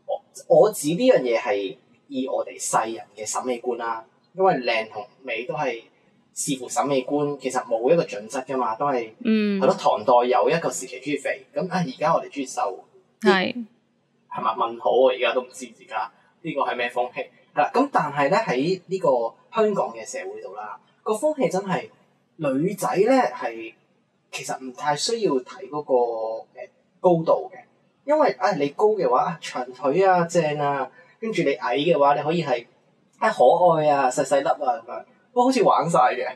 我我指呢樣嘢係以我哋世人嘅審美觀啦。因為靚同美都係視乎審美觀，其實冇一個準則噶嘛，都係係咯。嗯、唐代有一個時期中意肥，咁啊而家我哋中意瘦，係係咪問好啊？而家都唔知而家呢個係咩風氣。係、嗯、啦，咁但係咧喺呢個香港嘅社會度啦，個風氣真係女仔咧係。其實唔太需要睇嗰個高度嘅，因為啊、哎、你高嘅話啊長腿啊正啊，跟住你矮嘅話你可以係啊、哎、可愛啊細細粒啊咁樣，不過好似玩晒嘅。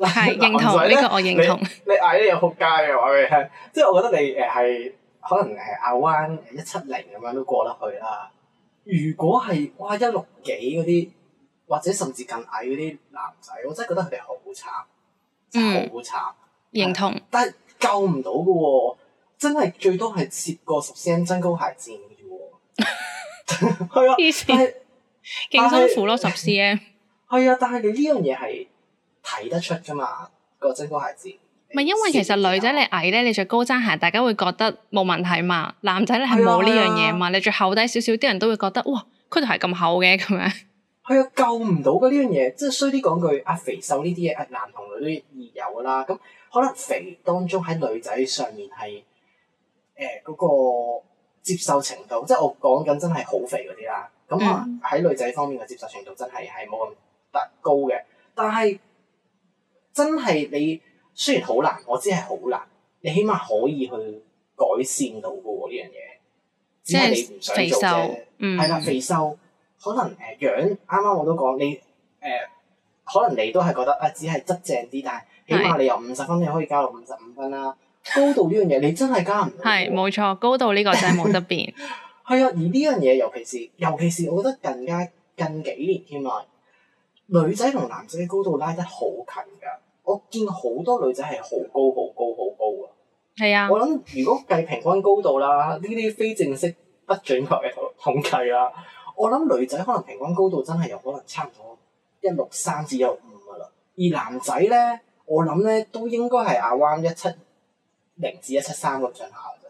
係是 呢認同呢個，我認同 你呢。你矮咧又仆街嘅話你聽，即、就、係、是、我覺得你誒係可能誒阿 One 一七零咁樣都過得去啦。如果係哇一六幾嗰啲，或者甚至更矮嗰啲男仔，我真係覺得佢哋好慘，真係好慘。認同，但係救唔到噶，真係最多係接個十 cm 增高鞋墊嘅啫，係啊，但係勁辛苦咯，十 cm，係啊，但係你呢樣嘢係睇得出噶嘛，個增高鞋墊。唔係因為其實女仔你矮咧，你着高踭鞋，大家會覺得冇問題嘛。男仔咧係冇呢樣嘢嘛，你着厚底少少，啲 人、 這個啊、都會覺得哇，佢對係咁厚嘅咁樣。係啊，救唔到噶呢樣嘢，即係衰啲講句，阿肥瘦呢啲嘢，男同女都易有啦咁。 嗯 可能肥當中喺女仔上面係誒嗰個接受程度，即係我講緊真係好肥嗰啲啦。咁喺、啊嗯、女仔方面嘅接受程度真係係冇咁高嘅，但係真係你雖然好難，我知係好難，你起碼可以去改善到噶喎呢樣嘢，只係你唔想做啫。係啦、嗯，肥瘦可能誒、呃、樣，啱啱我都講你誒、呃，可能你都係覺得啊、呃，只係執正啲，但係。起碼你由五十分你可以加到五十五分啦、啊。高度呢樣嘢你真係加唔到。係，冇錯，高度呢個真係冇得變。係啊。 而呢樣嘢尤其是尤其是我覺得更加近幾年添啊，女仔同男仔嘅高度拉得好近㗎。我見好多女仔係好高、好高、好高、好高、好高、好高啊。係啊，我諗如果計平均高度啦，呢啲非正式不準確嘅統計啦，我諗女仔可能平均高度真係有可能差唔多一六三至一六五㗎啦。而男仔咧～我諗咧都應該係阿彎一七零至一七三咁上下啫。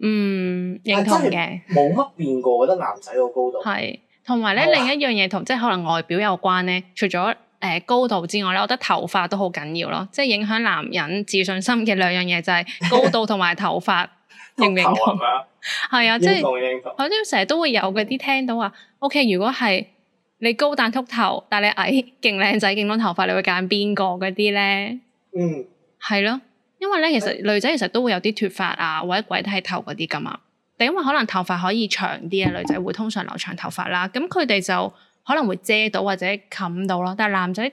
嗯，認同嘅。真係冇乜變過，我覺得男仔個高度。係、嗯，同埋咧另一樣嘢同即係可能外表有關咧。除咗誒、呃、高度之外咧，我覺得頭髮都好緊要咯。即係影響男人自信心嘅兩樣嘢就係、是、高度同埋頭髮，認唔認同呀？係 啊，即係認同，我哋成日都會有嗰啲聽到話，OK，如果係。你高但禿頭，但你矮勁靚仔勁多頭髮，你會揀邊個嗰啲咧？嗯，係咯，因為咧其實女仔其實都會有啲脫髮啊，或者鬼剃頭嗰啲噶嘛。但因為可能頭髮可以長啲啊，女仔會通常留長頭髮啦。咁佢哋就可能會遮到或者冚到啦。但係男仔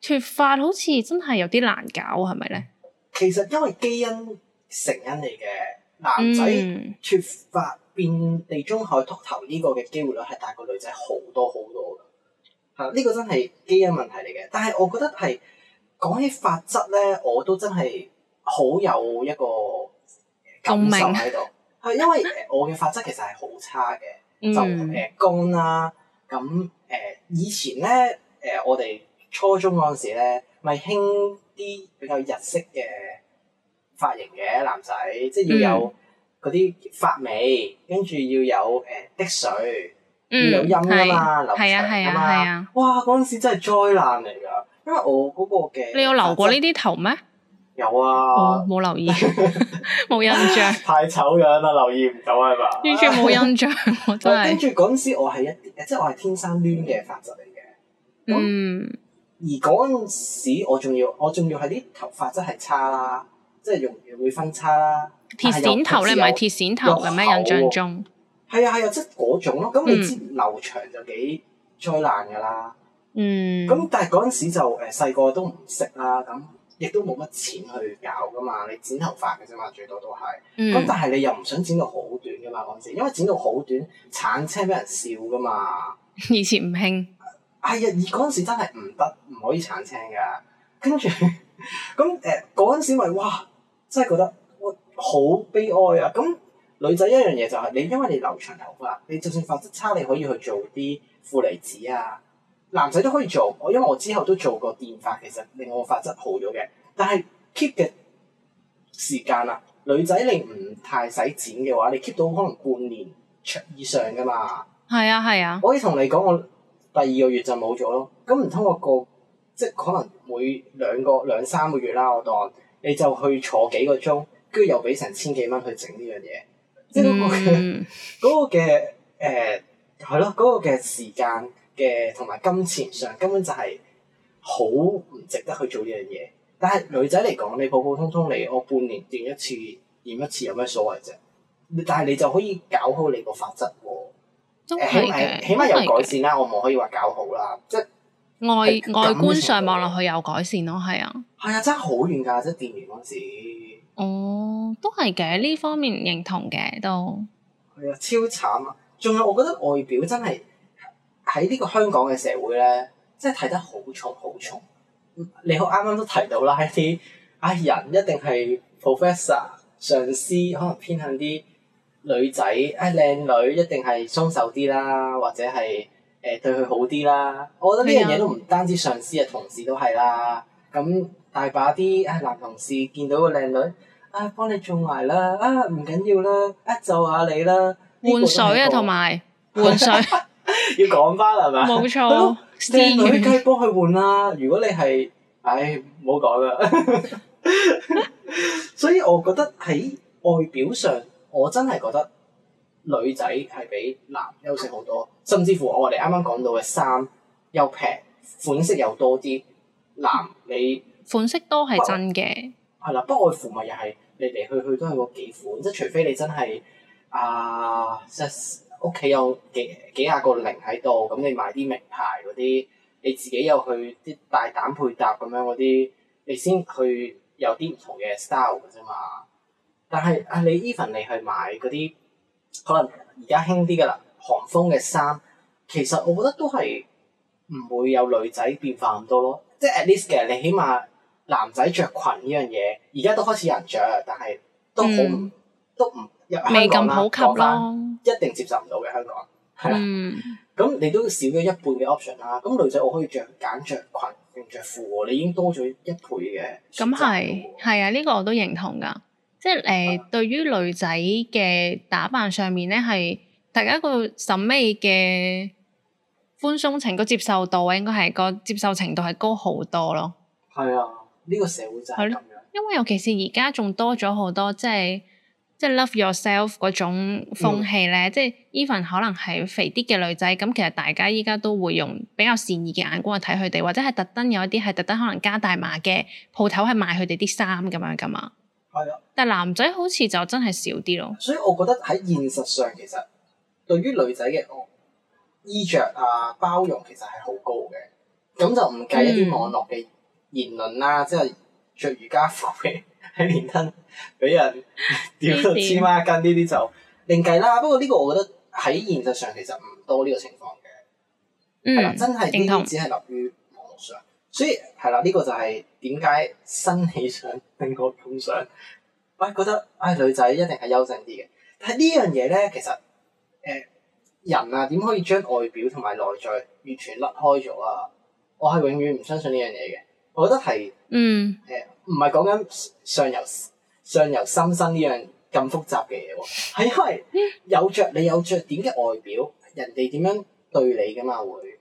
脫髮好似真係有啲難搞，係咪咧？其實因為基因成因嚟嘅，男仔脫髮。嗯變地中海禿頭呢個嘅機會率係大過女仔好多好多嘅。嚇、這、呢個真係基因問題嚟嘅。但係我覺得係講起髮質咧，我都真係好有一個感受喺度，係明 因為我嘅髮質其實係好差嘅，嗯、就誒乾啦。咁、呃、誒、啊呃、以前咧誒、呃、我哋初中嗰陣時咧，咪興啲比較日式嘅髮型嘅男仔，即係要有。嗯嗰啲髮尾，跟住要有誒滴水，要有陰啊嘛，流水啊嘛，係啊，係啊！哇！嗰陣時真係災難嚟噶，因為我嗰個嘅你有留過呢啲頭咩？有啊，冇留意，冇印象。太醜樣啦，留意唔到啊嘛。完全冇印象，我真係。跟住嗰陣時，我係一啲誒，即係我係天生攣嘅髮質嚟嘅。嗯。而嗰陣時，我仲要我仲要係啲頭髮質係差啦，即係容易會分叉啦。鐵剪頭咧，咪鐵剪頭有咩？印象中係啊係啊，即係嗰種咯。咁你知留長就幾災難噶啦。嗯，咁但係嗰陣時就誒細個都唔識啦。咁亦都冇乜錢去搞噶嘛。你剪頭髮嘅啫嘛，最多都係咁。嗯、但係你又唔想剪到好短噶嘛？嗰陣時因為剪到好短，鏟青俾人笑噶嘛。以前唔興，係啊，而嗰陣時真係唔得，唔可以鏟青噶。跟住咁誒，嗰 陣時咪哇，哇，真係覺得。好悲哀啊！咁女仔一樣嘢就係你，因為你留長頭髮，你就算髮質差，你可以去做啲負離子啊。男仔都可以做，我因為我之後都做過電髮，其實令我髮質好咗嘅。但係 keep 嘅時間啦、啊，女仔你唔太使剪嘅話，你 keep 到可能半年以上噶嘛。係啊，係啊。我可以同你講，我第二個月就冇咗咯。咁唔通過個即係可能每兩個兩三個月啦，我當你就去坐幾個鐘。跟住又俾成千幾蚊去整呢樣嘢，即係嗰個嘅嗰嘅誒係咯，嗰嘅時間嘅同埋金錢上根本就係好唔值得去做呢樣嘢。但係女仔嚟講，你普普通通嚟，我半年染一次染一次有咩所謂啫？但係你就可以搞好你個髮質喎，起碼起碼有改善啦。我冇可以話搞好啦，即係外外觀上望落去有改善咯，係啊，係啊，真係好遠㗎，即係染完嗰陣時。哦，都係嘅，呢方面認同嘅都。係啊，超慘啊！仲有，我覺得外表真係喺呢個香港嘅社會咧，真係睇得好重好重。你好啱啱都提到啦，一啲啊、哎、人一定係 professor 上司，可能偏向啲女仔啊，靚、哎、女一定係鬆手啲啦，或者係誒、呃、對佢好啲啦。我覺得呢樣嘢都唔單止上司啊，係嘅。同事都係啦。咁、嗯。大把啲唉男同事見到個靚女，啊幫你做埋啦，啊唔緊要啦，啊、做一做下你啦、這個、換水啊，同埋換水 要講翻啦，係咪冇錯？啲 女閪幫佢換啦。如果你係唉唔好講啦，哎、 所以我覺得喺外表上，我真係覺得女仔係比男優勝好多，甚至乎我哋啱啱講到嘅衫又平，款式又多啲男 你。款式都係真嘅，係啦，不過我哋貨又係嚟嚟去去都係嗰幾款，即係除非你真係啊，即係屋企有幾幾廿個零喺度，咁你買啲名牌嗰啲，你自己又去啲大膽配搭咁樣嗰啲，你先去有啲唔同嘅 style 啫嘛。但係啊，你 even 你去買嗰啲，可能而家興啲噶啦，韓風嘅衫，其實我覺得都係唔會有女仔變化咁多咯，即係 at least 嘅你起碼。男仔着裙呢樣嘢，而家都開始有人著，但係都好、嗯、都唔未咁普及咯。一定接受唔到嘅香港係、嗯、啦。咁、嗯、你都少咗一半嘅 option 啦、啊。咁女仔我可以着，揀着裙，定着褲喎。你已經多咗一倍嘅選擇。咁係係啊，呢、呢個我都認同㗎。即係誒，呃啊、對於、啊、女仔嘅打扮上面咧，係大家個審美嘅寬鬆程度接受度，應該係個接受程度係高好多咯。係啊。 呢個社會就係咁樣，因為尤其是而家仲多咗好多，即係即係 love yourself 嗰種風氣咧。嗯、即係 even 可能係肥啲嘅女仔，咁其實大家依家都會用比較善意嘅眼光去睇佢哋，或者係特登有一啲係特登可能加大碼嘅鋪頭係賣佢哋啲衫咁樣㗎嘛。係啊、嗯，但係男仔好似就真係少啲咯。所以我覺得喺現實上，其實對於女仔嘅衣着啊包容，其實係好高嘅。咁就唔計一啲網絡嘅嗯嗯言論啦、啊，即係着瑜伽服喺連登俾人吊到黐孖筋，呢啲麼就另計啦。不過呢個，我覺得喺現實上其實唔多呢個情況嘅。嗯，真係呢啲只係立於網上，嗯、所以係啦。呢、這個就係點解新喜上令我咁想，嗯、我係覺得唉、哎、女仔一定係優勝啲嘅。但係呢樣嘢咧，其實誒、呃、人啊，點可以將外表同埋內在完全甩開咗啊？我係永遠唔相信呢樣嘢嘅。我覺得係誒唔係講緊上游上游心生呢樣咁複雜嘅嘢喎，係因為有著你有着點嘅外表，人哋點樣對你㗎嘛，會，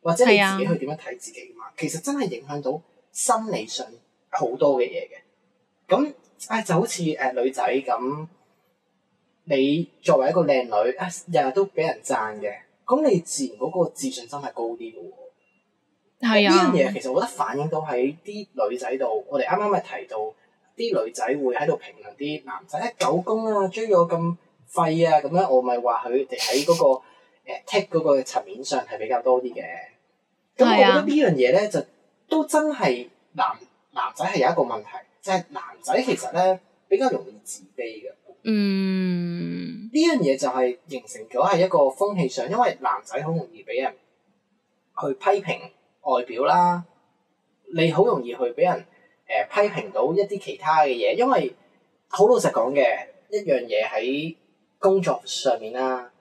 或者你自己去點樣睇自己嘛，其實真係影響到心理上好多嘅嘢嘅。咁、嗯、誒、哎、就好似誒、呃、女仔咁，你作為一個靚女，啊日日都俾人讚嘅，咁你自然嗰個自信心係高啲嘅喎。呢樣嘢其實我覺得反映到喺啲女仔度，我哋啱啱咪提到啲女仔會喺度評論啲男仔狗公啊，追咗咁廢啊，咁咧我咪話佢哋喺嗰個、呃、take 嗰個層面上係比較多啲嘅。咁我覺得呢樣嘢咧，就都真係男男仔係有一個問題，就係、即係、男仔其實咧比較容易自卑嘅。嗯，呢樣嘢就係形成咗係一個風氣上，因為男仔好容易俾人去批評。外表啦，你好容易去俾人誒、呃、批評到一啲其他嘅嘢，因為好老實講嘅一樣嘢喺工作上面啦、啊。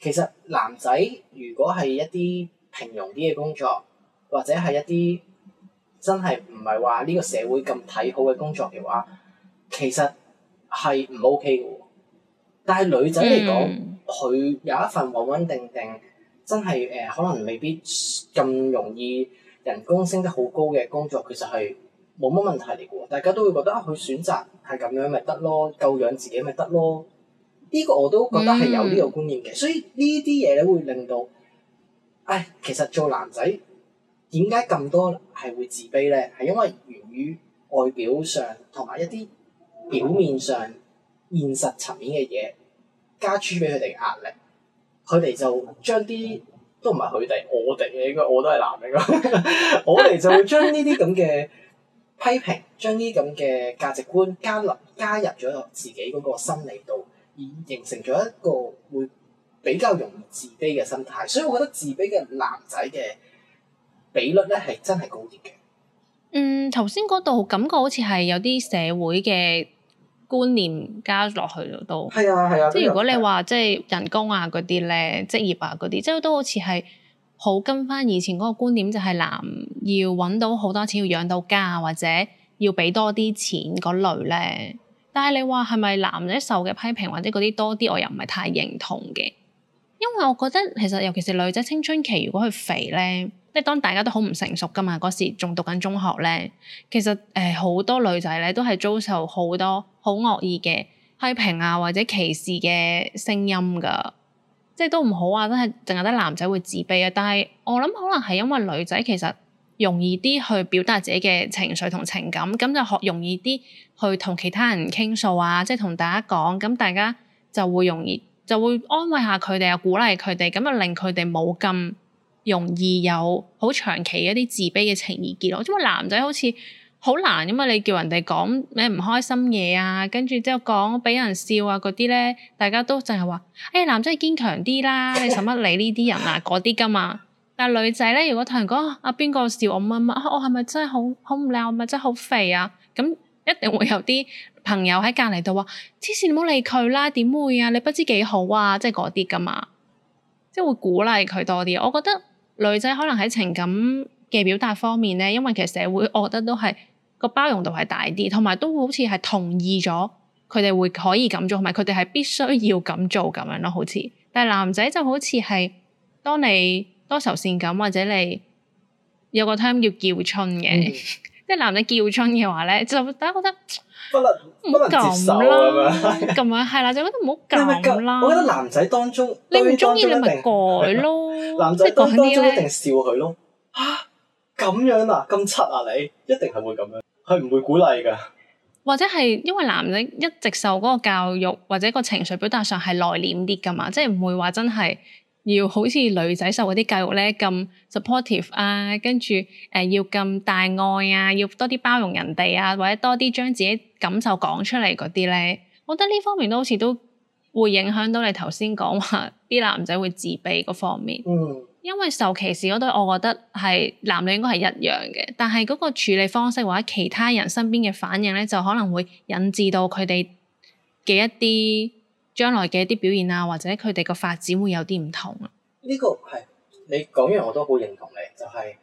其實男仔如果係一啲平庸啲嘅工作，或者係一啲真係唔係話呢個社會咁睇好嘅工作嘅話，其實係唔 OK 嘅喎。但係女仔嚟講，佢、嗯、有一份穩穩定定。真係誒、呃，可能未必咁容易人工升得好高嘅工作，其實係冇乜問題嚟嘅喎。大家都會覺得啊，佢選擇係咁樣咪得咯，夠養自己咪得咯。呢、這個我都覺得係有呢個觀念嘅，嗯、所以呢啲嘢咧會令到，唉、哎，其實做男仔點解咁多係會自卑咧？係因為源於外表上同埋一啲表面上現實層面嘅嘢加諸俾佢哋嘅壓力。佢哋就將啲都唔係佢哋，我哋嘅，應該我都係男嘅， 我哋就會將呢啲咁嘅批評， 將呢啲咁嘅價值觀加入加入咗自己嗰個心理度，而形成咗一個會比較容易自卑嘅心態。所以我覺得自卑嘅男仔嘅比率咧係真係高啲嘅。嗯，頭先嗰度感覺好似係有啲社會嘅。觀念加落去都係啊，係啊，啊啊即係如果你話即係人工啊，嗰啲咧，職業啊嗰啲，即係都好似係好跟翻以前嗰個觀點，就係、是、男要揾到好多錢，要養到家或者要俾多啲錢嗰類咧。但係你話係咪男仔受嘅批評或者嗰啲多啲，我又唔係太認同嘅，因為我覺得其實尤其是女仔青春期，如果佢肥咧。即係當大家都好唔成熟噶嘛，嗰時仲讀緊中學咧。其實誒、呃、好多女仔咧都係遭受好多好惡意嘅批評啊，或者歧視嘅聲音噶，即係都唔好啊。都係淨係得男仔會自卑啊。但係我諗可能係因為女仔其實容易啲去表達自己嘅情緒同情感，咁就學容易啲去同其他人傾訴啊，即係同大家講，咁大家就會容易就會安慰下佢哋啊，鼓勵佢哋，咁啊令佢哋冇咁，容易有好長期一啲自卑嘅情意結咯。因為男仔好似好難，因為你叫人哋講咩唔開心嘢啊，跟住之後講俾人笑啊嗰啲咧，大家都淨係話，哎、欸，男仔堅強啲啦，你使乜理呢啲人啊嗰啲噶嘛？但係女仔咧，如果同人講啊，邊個笑我乜乜我係咪真係好好唔靚？我咪、啊、真係好肥啊？咁一定會有啲朋友喺隔離度話，黐線唔好理佢啦，點會啊？你不知幾好啊！即係嗰啲噶嘛，即係會鼓勵佢多啲。我覺得。女仔可能喺情感嘅表達方面咧，因為其實社會，我覺得都係個包容度係大啲，同埋都會好似係同意咗佢哋會可以咁做，同埋佢哋係必須要咁做咁樣咯，好似。但係男仔就好似係，當你多愁善感或者你有個 time 要叫，叫春嘅叫叫春嘅。嗯即係男仔叫春嘅話咧，就大家覺得不能，唔好咁啦，咁樣係啦，就覺得唔好咁啦。我覺得男仔當中，你唔中意你咪改咯。 男仔當中一定笑佢咯。啊，咁樣啊？咁七啊你？你一定係會咁樣，佢唔會鼓勵噶。或者係因為男仔一直受嗰個教育，或者個情緒表達上係內斂啲噶嘛，即係唔會話真係。要好似女仔受嗰啲教育咧咁 supportive 啊，跟住誒、呃，要咁大愛啊，要多啲包容人哋啊，或者多啲將自己感受講出嚟嗰啲咧，我覺得呢方面都好似都會影響到你頭先講話啲男仔會自卑嗰方面。嗯。因為受歧視嗰堆，我覺得係男女應該係一樣嘅，但係嗰個處理方式或者其他人身邊嘅反應咧，就可能會引致到佢哋嘅一啲。將來嘅一啲表現啊，或者佢哋個發展會有啲唔同。呢個係你講一樣，我都好認同你，就係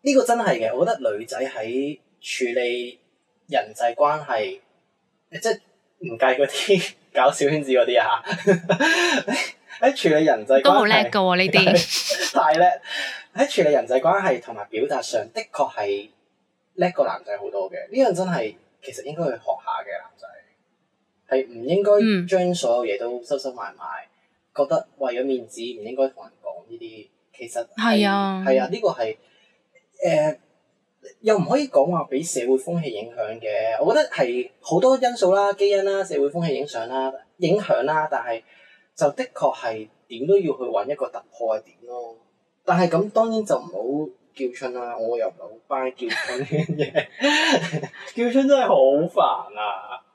呢個真係嘅。我覺得女仔喺處理人際關係，即係唔計嗰啲搞小圈子嗰啲啊，喺 處理人際都好叻嘅呢啲，太叻喺處理人際關係同埋表達上的確係叻過男仔好多嘅。呢樣真係其實應該去學下嘅。係唔應該將所有嘢都收收埋埋，嗯、覺得為咗面子唔應該同人講呢啲。其實係係啊，呢、啊這個係誒、呃、又唔可以講話俾社會風氣影響嘅。我覺得係好多因素啦，基因啦、社會風氣影響啦、影響啦，但係就的確係點都要去搵一個突破嘅點咯。但係咁當然就唔好叫春啦。我又講翻叫春嘅。 叫春真係好煩啊！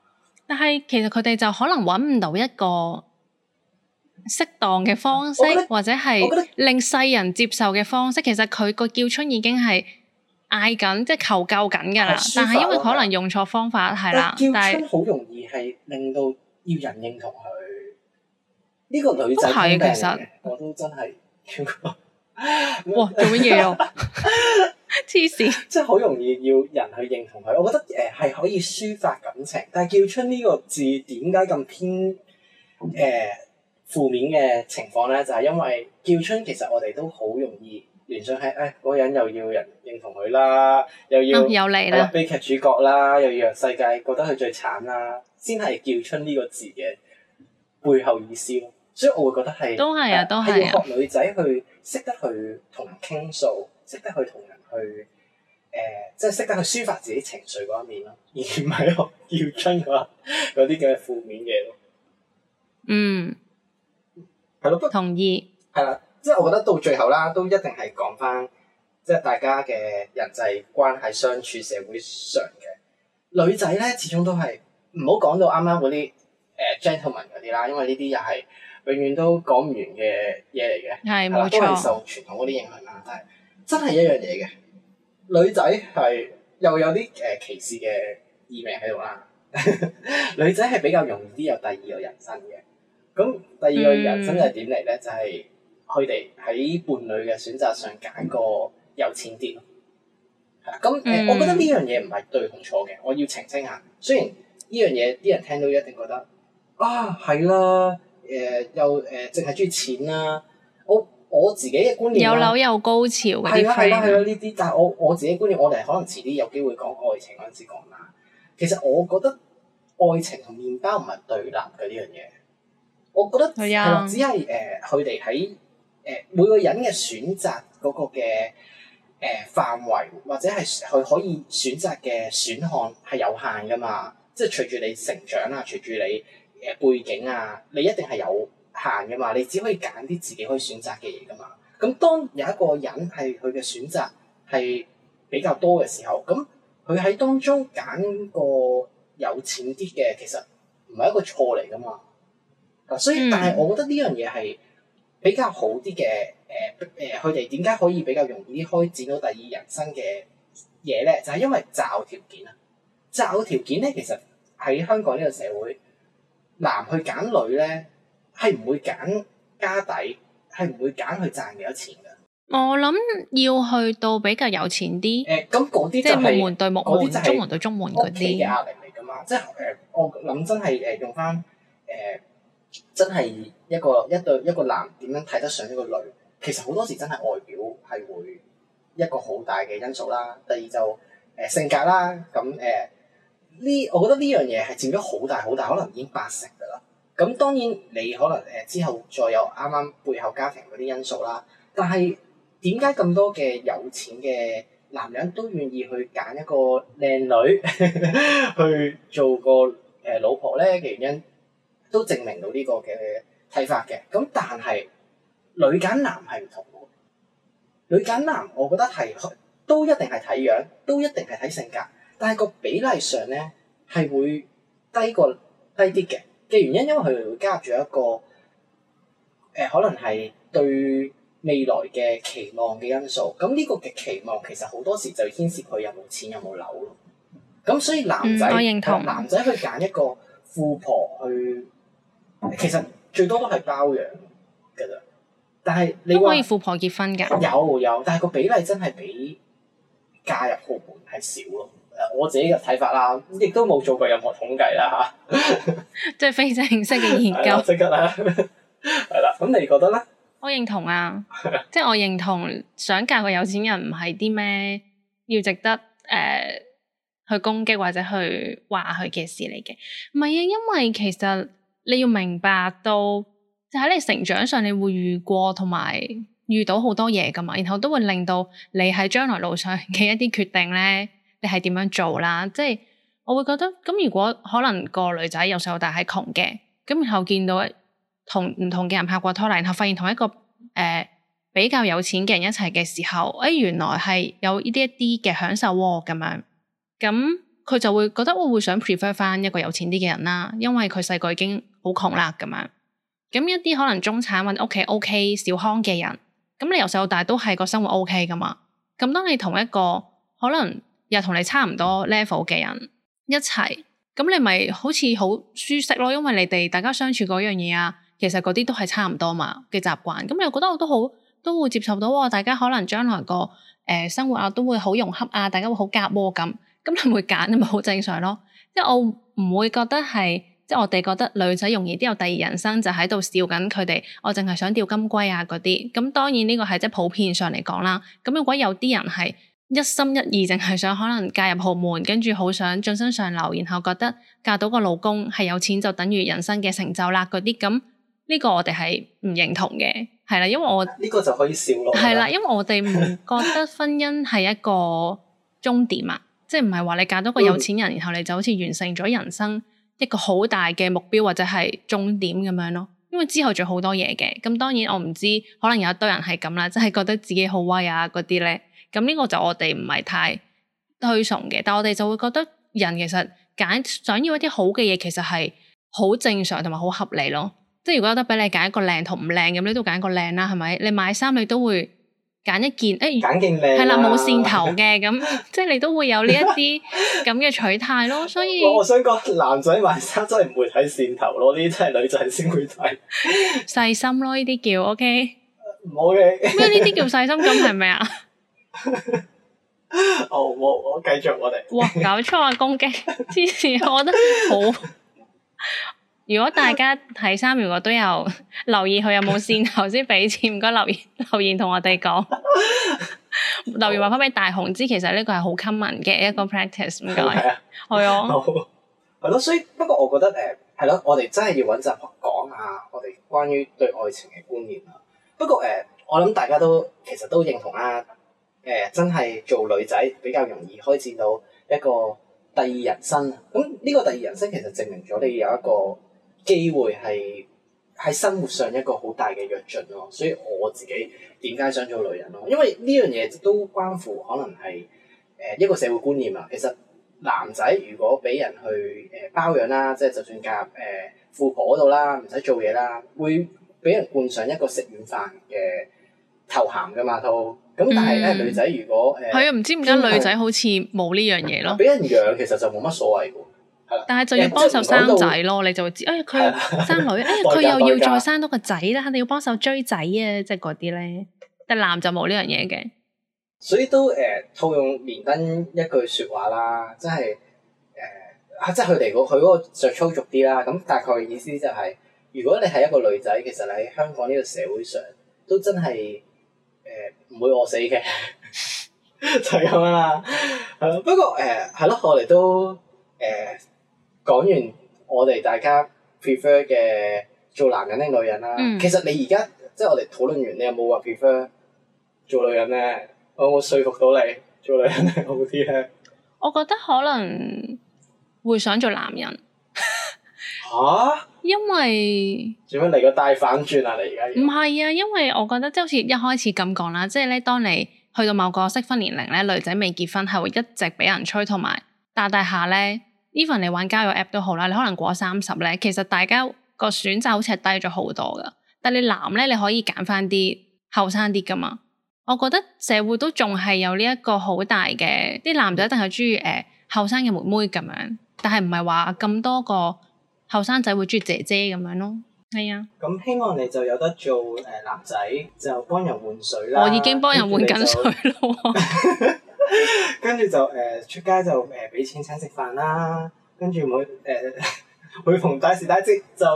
但係其實佢哋就可能搵唔到一個適當嘅方式，或者係令世人接受嘅方式。其實佢個叫春已經係嗌緊，即係求救緊噶啦。但係因為可能用錯方法係啦，但係好容易係令到要人認同佢呢個女仔。其實我都真係。哇！做乜嘢？黐線，即係好容易要人去認同佢。我覺得誒係、呃、可以抒發感情，但係叫春呢個字點解咁偏誒負、呃、面嘅情況咧？就係、是、因為叫春其實我哋都好容易聯想係誒嗰個人又要人認同佢啦，又要、嗯、又嚟啦、啊，悲劇主角啦，又要讓世界覺得佢最慘啦，先係叫春呢個字嘅背後意思咯。所以我會覺得係都係啊，都係、啊啊、要學女仔去。識得去同人傾訴，識得去同人去誒、呃，即係識得去抒發自己情緒嗰一面咯，而唔係學要將嗰啲嘅負面嘢咯。嗯，係咯的，不同意。係啦，即係我覺得到最後啦，都一定係講返即係大家嘅人際關係、相處社會上嘅女仔咧，始終都係唔好講到啱啱嗰啲誒、呃、gentleman 嗰啲啦，因為呢啲又係。永遠都講唔完嘅嘢嚟嘅，係啦，都係受傳統嗰啲影響啦。但係真係一樣嘢嘅女仔係又有啲誒、呃、歧視嘅意味喺度啦。 女仔係比較容易啲有第二個人生嘅。咁第二個人生係點嚟咧？就係佢哋喺伴侶嘅選擇上揀個有錢啲咯。係啦，咁、呃嗯、我覺得呢樣嘢唔係對同錯嘅。我要澄清下，雖然呢樣嘢啲人聽到一定覺得啊，係啦。誒又誒，淨係中意錢啦、啊！我我自己嘅觀念、啊，有樓有高潮嗰啲、啊。係啦係啦係啦，呢啲、啊啊。但係我我自己觀念，我哋可能遲啲有機會講愛情嗰陣時講啦。其實我覺得愛情同麪包唔係對立嘅呢樣嘢。我覺得係是啊，只，只係誒佢哋喺誒每個人嘅選擇嗰個嘅誒、呃、範圍，或者係佢可以選擇嘅選項係有限噶嘛。即係隨住你成長啦，隨住你。誒背景啊，你一定係有限嘅嘛，你只可以揀啲自己可以選擇嘅嘢噶嘛。咁當有一個人係佢嘅選擇係比較多嘅時候，咁佢喺當中揀個有錢啲嘅，其實唔係一個錯嚟噶嘛。嗱，所以、嗯、但係我覺得呢樣嘢係比較好啲嘅。誒、呃、誒，佢哋點解可以比較容易開展到第二人生嘅嘢咧？就係、是、因為擇偶條件啊，擇偶條件咧，其實喺香港呢個社會。男去揀女咧，係唔會揀家底，係唔會揀佢賺幾多錢噶。我諗要去到比較有錢啲，誒、呃，咁啲、就是、即係木門對木門，嗰啲即係中門對中門嗰啲嘅壓力嚟噶嘛。即係誒、呃，我諗真係誒，用翻誒，真係一個一對一個男點樣睇得上一個女，其實好多時真係外表係會一個好大嘅因素啦。第二就誒、是呃、性格啦，咁誒。呃呃呢，我覺得呢樣嘢係佔咗好大好大，可能已經八成噶啦。咁當然你可能誒之後再有啱啱背後家庭嗰啲因素啦。但係點解咁多嘅有錢嘅男人都願意去揀一個靚女 去做個誒老婆咧？嘅原因都證明到呢個嘅睇法嘅。咁但係女揀男係唔同嘅，女揀男我覺得係都一定係睇樣，都一定係睇性格。但係個比例上咧係會低過低啲嘅嘅原因，因為佢哋會加入咗一個誒、呃，可能係對未來嘅期望嘅因素。咁、嗯、呢、這個嘅期望其實好多時就牽涉佢有冇錢，有冇樓咯。咁所以男仔、嗯、我認同、男仔去揀一個富婆去，其實最多都係包養㗎啫。但係你話富婆結婚㗎有有，但係個比例真係比嫁入豪門係少咯。我自己嘅睇法啦，亦都冇做過任何統計啦，吓，即係非正式嘅研究。係 啦，咁 你覺得咧？我認同啊， 即係我認同，想嫁個有錢人唔係啲咩要值得誒、呃、去攻擊或者去話佢嘅事嚟嘅。唔係啊，因為其實你要明白到就喺你成長上，你會遇過同埋遇到好多嘢噶嘛，然後都會令到你喺將來路上嘅一啲決定咧。係點樣做啦？即係我會覺得咁。如果可能個女仔由細到大係窮嘅，咁然後見到同唔同嘅人拍過拖啦，然後發現同一個誒、呃、比較有錢嘅人一齊嘅時候，誒、哎、原來係有呢啲一啲嘅享受咁、啊、樣。咁佢就會覺得我會想 prefer 翻一個有錢啲嘅人啦，因為佢細個已經好窮啦。咁樣咁一啲可能中產或者屋企 OK 小康嘅人，咁你由細到大都係個生活 OK 噶嘛？咁當你同一個可能。又同你差唔多 level 嘅人一齊，咁你咪好似好舒適咯，因為你哋大家相處嗰樣嘢啊，其實嗰啲都係差唔多嘛嘅習慣，咁你又覺得我都好都會接受到，大家可能將來個誒、呃、生活啊都會好融洽啊，大家會好夾喎咁，咁你會揀咪好正常咯，即係我唔會覺得係即係我哋覺得女仔容易啲有第二人生就喺度笑緊佢哋，我淨係想釣金龜啊嗰啲，咁當然呢個係即係普遍上嚟講啦，咁如果有啲人係。一心一意淨係想可能嫁入豪門，跟住好想晉身上流，然後覺得嫁到個老公係有錢就等於人生嘅成就啦，嗰啲咁，呢個我哋係唔認同嘅，係啦，因為我呢個就可以笑咯。係啦，因為我哋唔覺得婚姻係一個終點啊， 即係唔係話你嫁到個有錢人， 然後你就好似完成咗人生一個好大嘅目標，或者係終點咁樣咯、啊。因為之後仲好多嘢嘅，咁當然我唔知可能有一堆人係咁啦，即係覺得自己好威啊嗰啲咧。咁呢個就我哋唔係太推崇嘅，但我哋就會覺得人其實揀想要一啲好嘅嘢，其實係好正常同埋好合理咯。即係如果有得俾你揀一個靚同唔靚咁，你都揀一個靚啦，係咪？你買衫你都會揀一件，誒、哎，揀件靚，係啦，冇線頭嘅咁， 即係你都會有呢一啲咁嘅取態咯。所以 我想講男仔買衫真係唔會睇線頭咯，呢啲真係女仔先會睇細 心咯，呢啲叫 OK 好。 唔好嘅咩？呢啲叫細心咁係咪啊？ 哦，我我繼續我哋哇，搞錯啊，攻擊支持，我覺得好。如果大家睇衫，我都有留意佢有冇線頭先俾錢，唔該留言留言同我哋講 留言話翻俾大雄知。其實呢個係好 common 嘅一個 practice 唔該 啊，係啊，係咯。 所以不過我覺得誒係咯，我哋真係要穩陣講下我哋關於對愛情嘅觀念啊。不過誒、呃，我諗大家都其實都認同啊。誒真係做女仔比較容易開展到一個第二人生啊！咁呢個第二人生其實證明咗你有一個機會係喺生活上一個好大嘅躍進咯、哦。所以我自己點解想做女人咯？因為呢樣嘢都關乎可能係誒一個社會觀念啊。其實男仔如果俾人去誒包養啦，即係就算嫁誒富婆度啦，唔使做嘢啦，會俾人冠上一個食軟飯嘅頭銜噶嘛，都。咁、嗯、但係咧，女仔如果誒，係啊、嗯，唔、呃、知點解女仔好似冇呢樣嘢咯？俾人養其實就冇乜所謂嘅，係啦。但係就要幫手生仔咯，就說說你就會知。哎佢生女， 哎佢又要再生多個仔啦，肯定要幫手追仔啊，即係嗰啲咧。但男就冇呢樣嘢嘅，所以都誒、呃、套用連登一句説話啦、呃，即係誒即係佢哋講佢嗰個著粗俗啲啦。咁大概意思就係、是，如果你係一個女仔，其實你喺香港呢個社會上都真係、嗯。誒，唔會餓死嘅， 就咁啦。不過誒，係、呃、咯，我哋都誒、呃、講完，我哋大家 prefer 嘅做男人定女人啦。嗯、其實你而家即係我哋討論完，你有冇話 prefer 做女人咧？我有冇說服到你做女人係好啲咧？我覺得可能會想做男人。吓，因為點解嚟個大反轉啊？你而家唔係啊，因為我覺得即係好似一開始咁講啦，即係咧當你去到某個適婚年齡咧，女仔未結婚係會一直俾人催。同埋大大下咧，even 你玩交友 app 都好啦，你可能過三十咧，其實大家個選擇好似係低咗好多噶。但你男咧，你可以揀翻啲後生啲噶嘛？我覺得社會都仲係有呢一個好大嘅，啲男仔一定係中意誒後生嘅、呃、妹妹咁樣，但係唔係話咁多個。後生仔會中意姐姐咁樣咯，係、哎、啊。咁希望你就有得做誒、呃、男仔，就幫人換水啦。我已經幫人換緊水咯。 跟住就誒、呃、出街就誒俾、呃、錢請食飯啦。跟住每誒、呃、每逢大時大節就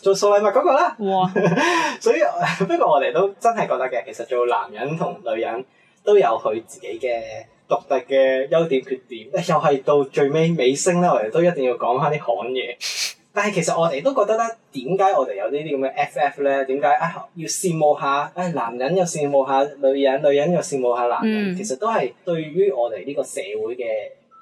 做送禮物嗰個啦。哇！ 所以不過我哋都真係覺得嘅，其實做男人同女人都有佢自己嘅獨特嘅優點缺點。又係到最尾尾聲咧，我哋都一定要講翻啲行嘢。 但係其實我哋都覺得咧，點解我哋有這這呢啲咁嘅 FF 咧？點解啊？要羨慕下，唉、哎，男人又羨慕下女人，女人又羨慕下男人，嗯、其實都係對於我哋呢個社會嘅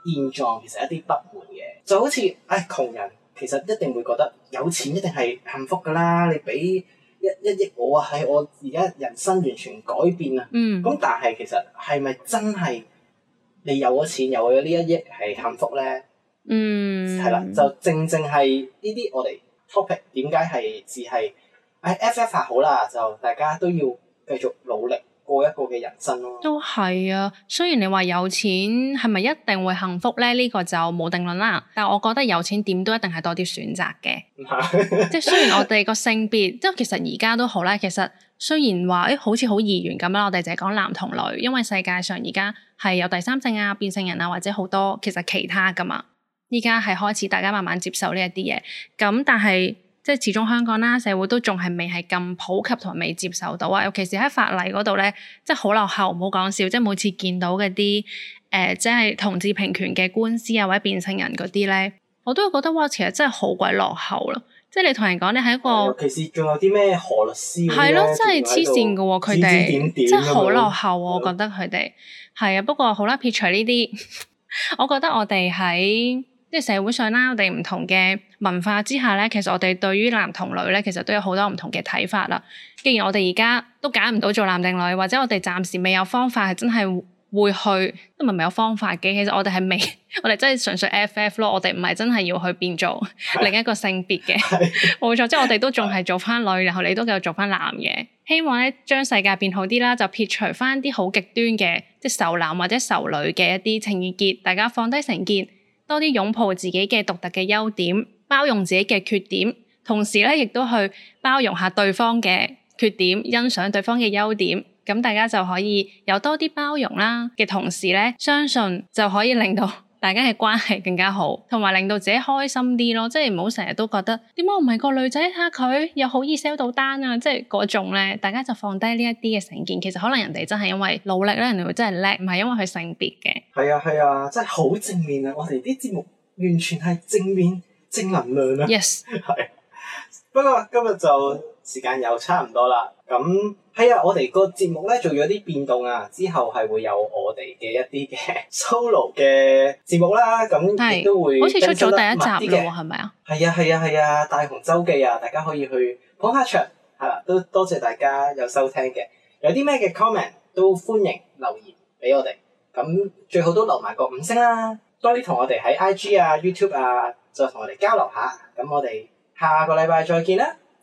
現狀，其實一啲不滿嘅。就好似唉、哎，窮人其實一定會覺得有錢一定係幸福㗎啦。你俾一一億我、啊，係、哎、我而家人生完全改變啊。咁、嗯、但係其實係咪真係你有咗錢，有咗呢一億係幸福咧？嗯，係啦，就正正係呢啲我哋 topic，點解係只係誒、哎、FF 好啦，就大家都要繼續努力過一個嘅人生咯、啊。都係啊，雖然你話有錢係咪一定會幸福咧？呢、這個就冇定論啦。但我覺得有錢點都一定係多啲選擇嘅。 即係雖然我哋個性別，即係其實而家都好啦。其實雖然話誒、欸、好似好易元咁啦，我哋就係講男同女，因為世界上而家係有第三性啊、變性人啊，或者好多其實其他噶嘛。依家係開始，大家慢慢接受呢一啲嘢。咁但係即係始終香港啦，社會都仲係未係咁普及同埋未接受到啊。尤其是喺法例嗰度咧，即係好落後。唔好講笑，即係每次見到嗰啲誒，即係同志平權嘅官司啊，或者變性人嗰啲咧，我都會覺得嘩，其實真係好鬼落後咯。即係你同人講，你喺一個、呃、其實仲有啲咩何律師，係咯，真係黐線㗎喎，佢哋們即係好落後。的我覺得佢哋係啊。不過好啦，撇除呢啲，我覺得我哋喺即係社會上啦，我哋唔同嘅文化之下咧，其實我哋對於男同女咧，其實都有好多唔同嘅睇法啦。既然我哋而家都揀唔到做男定女，或者我哋暫時未有方法係真係會去，都唔係未有方法嘅。其實我哋係未，我哋真係純粹 F F 咯。我哋唔係真係要去變做另一個性別嘅，冇錯。即係我哋都仲係做翻女，是 然後你都繼續做翻男嘅。希望咧，將世界變好啲啦，就撇除翻啲好極端嘅即係仇男或者仇女嘅一啲情意結，大家放低成見。多啲擁抱自己嘅獨特嘅優點，包容自己嘅缺點，同時呢亦都去包容下對方嘅缺點，欣賞對方嘅優點，咁大家就可以有多啲包容啦。嘅同時呢，相信就可以令到。大家嘅關係更加好，同埋令到自己開心啲咯，即係唔好成日都覺得點解我唔係個女仔嚇佢，又好易 sell 到單啊！即係嗰種咧，大家就放低呢一啲嘅成見，其實可能人哋真係因為努力咧，人哋會真係叻，唔係因為佢性別嘅。係啊係啊，真係好正面啊！我哋啲節目完全係正面正能量啊！Yes，係。不過今日就，時間又差唔多啦，咁係啊，我哋個節目咧做咗啲變動啊，之後係會有我哋嘅一啲嘅 solo 嘅節目啦，咁亦是都會好似出咗第一集嘅，係咪啊？係啊係啊係啊！大雄周記啊，大家可以去捧下場，係啦、啊，都多謝大家有收聽嘅，有啲咩嘅 comment 都歡迎留言俾我哋，咁最好都留埋個五星啦，多啲同我哋喺 IG 啊、YouTube 啊，再同我哋交流下，咁我哋下個禮拜再見啦。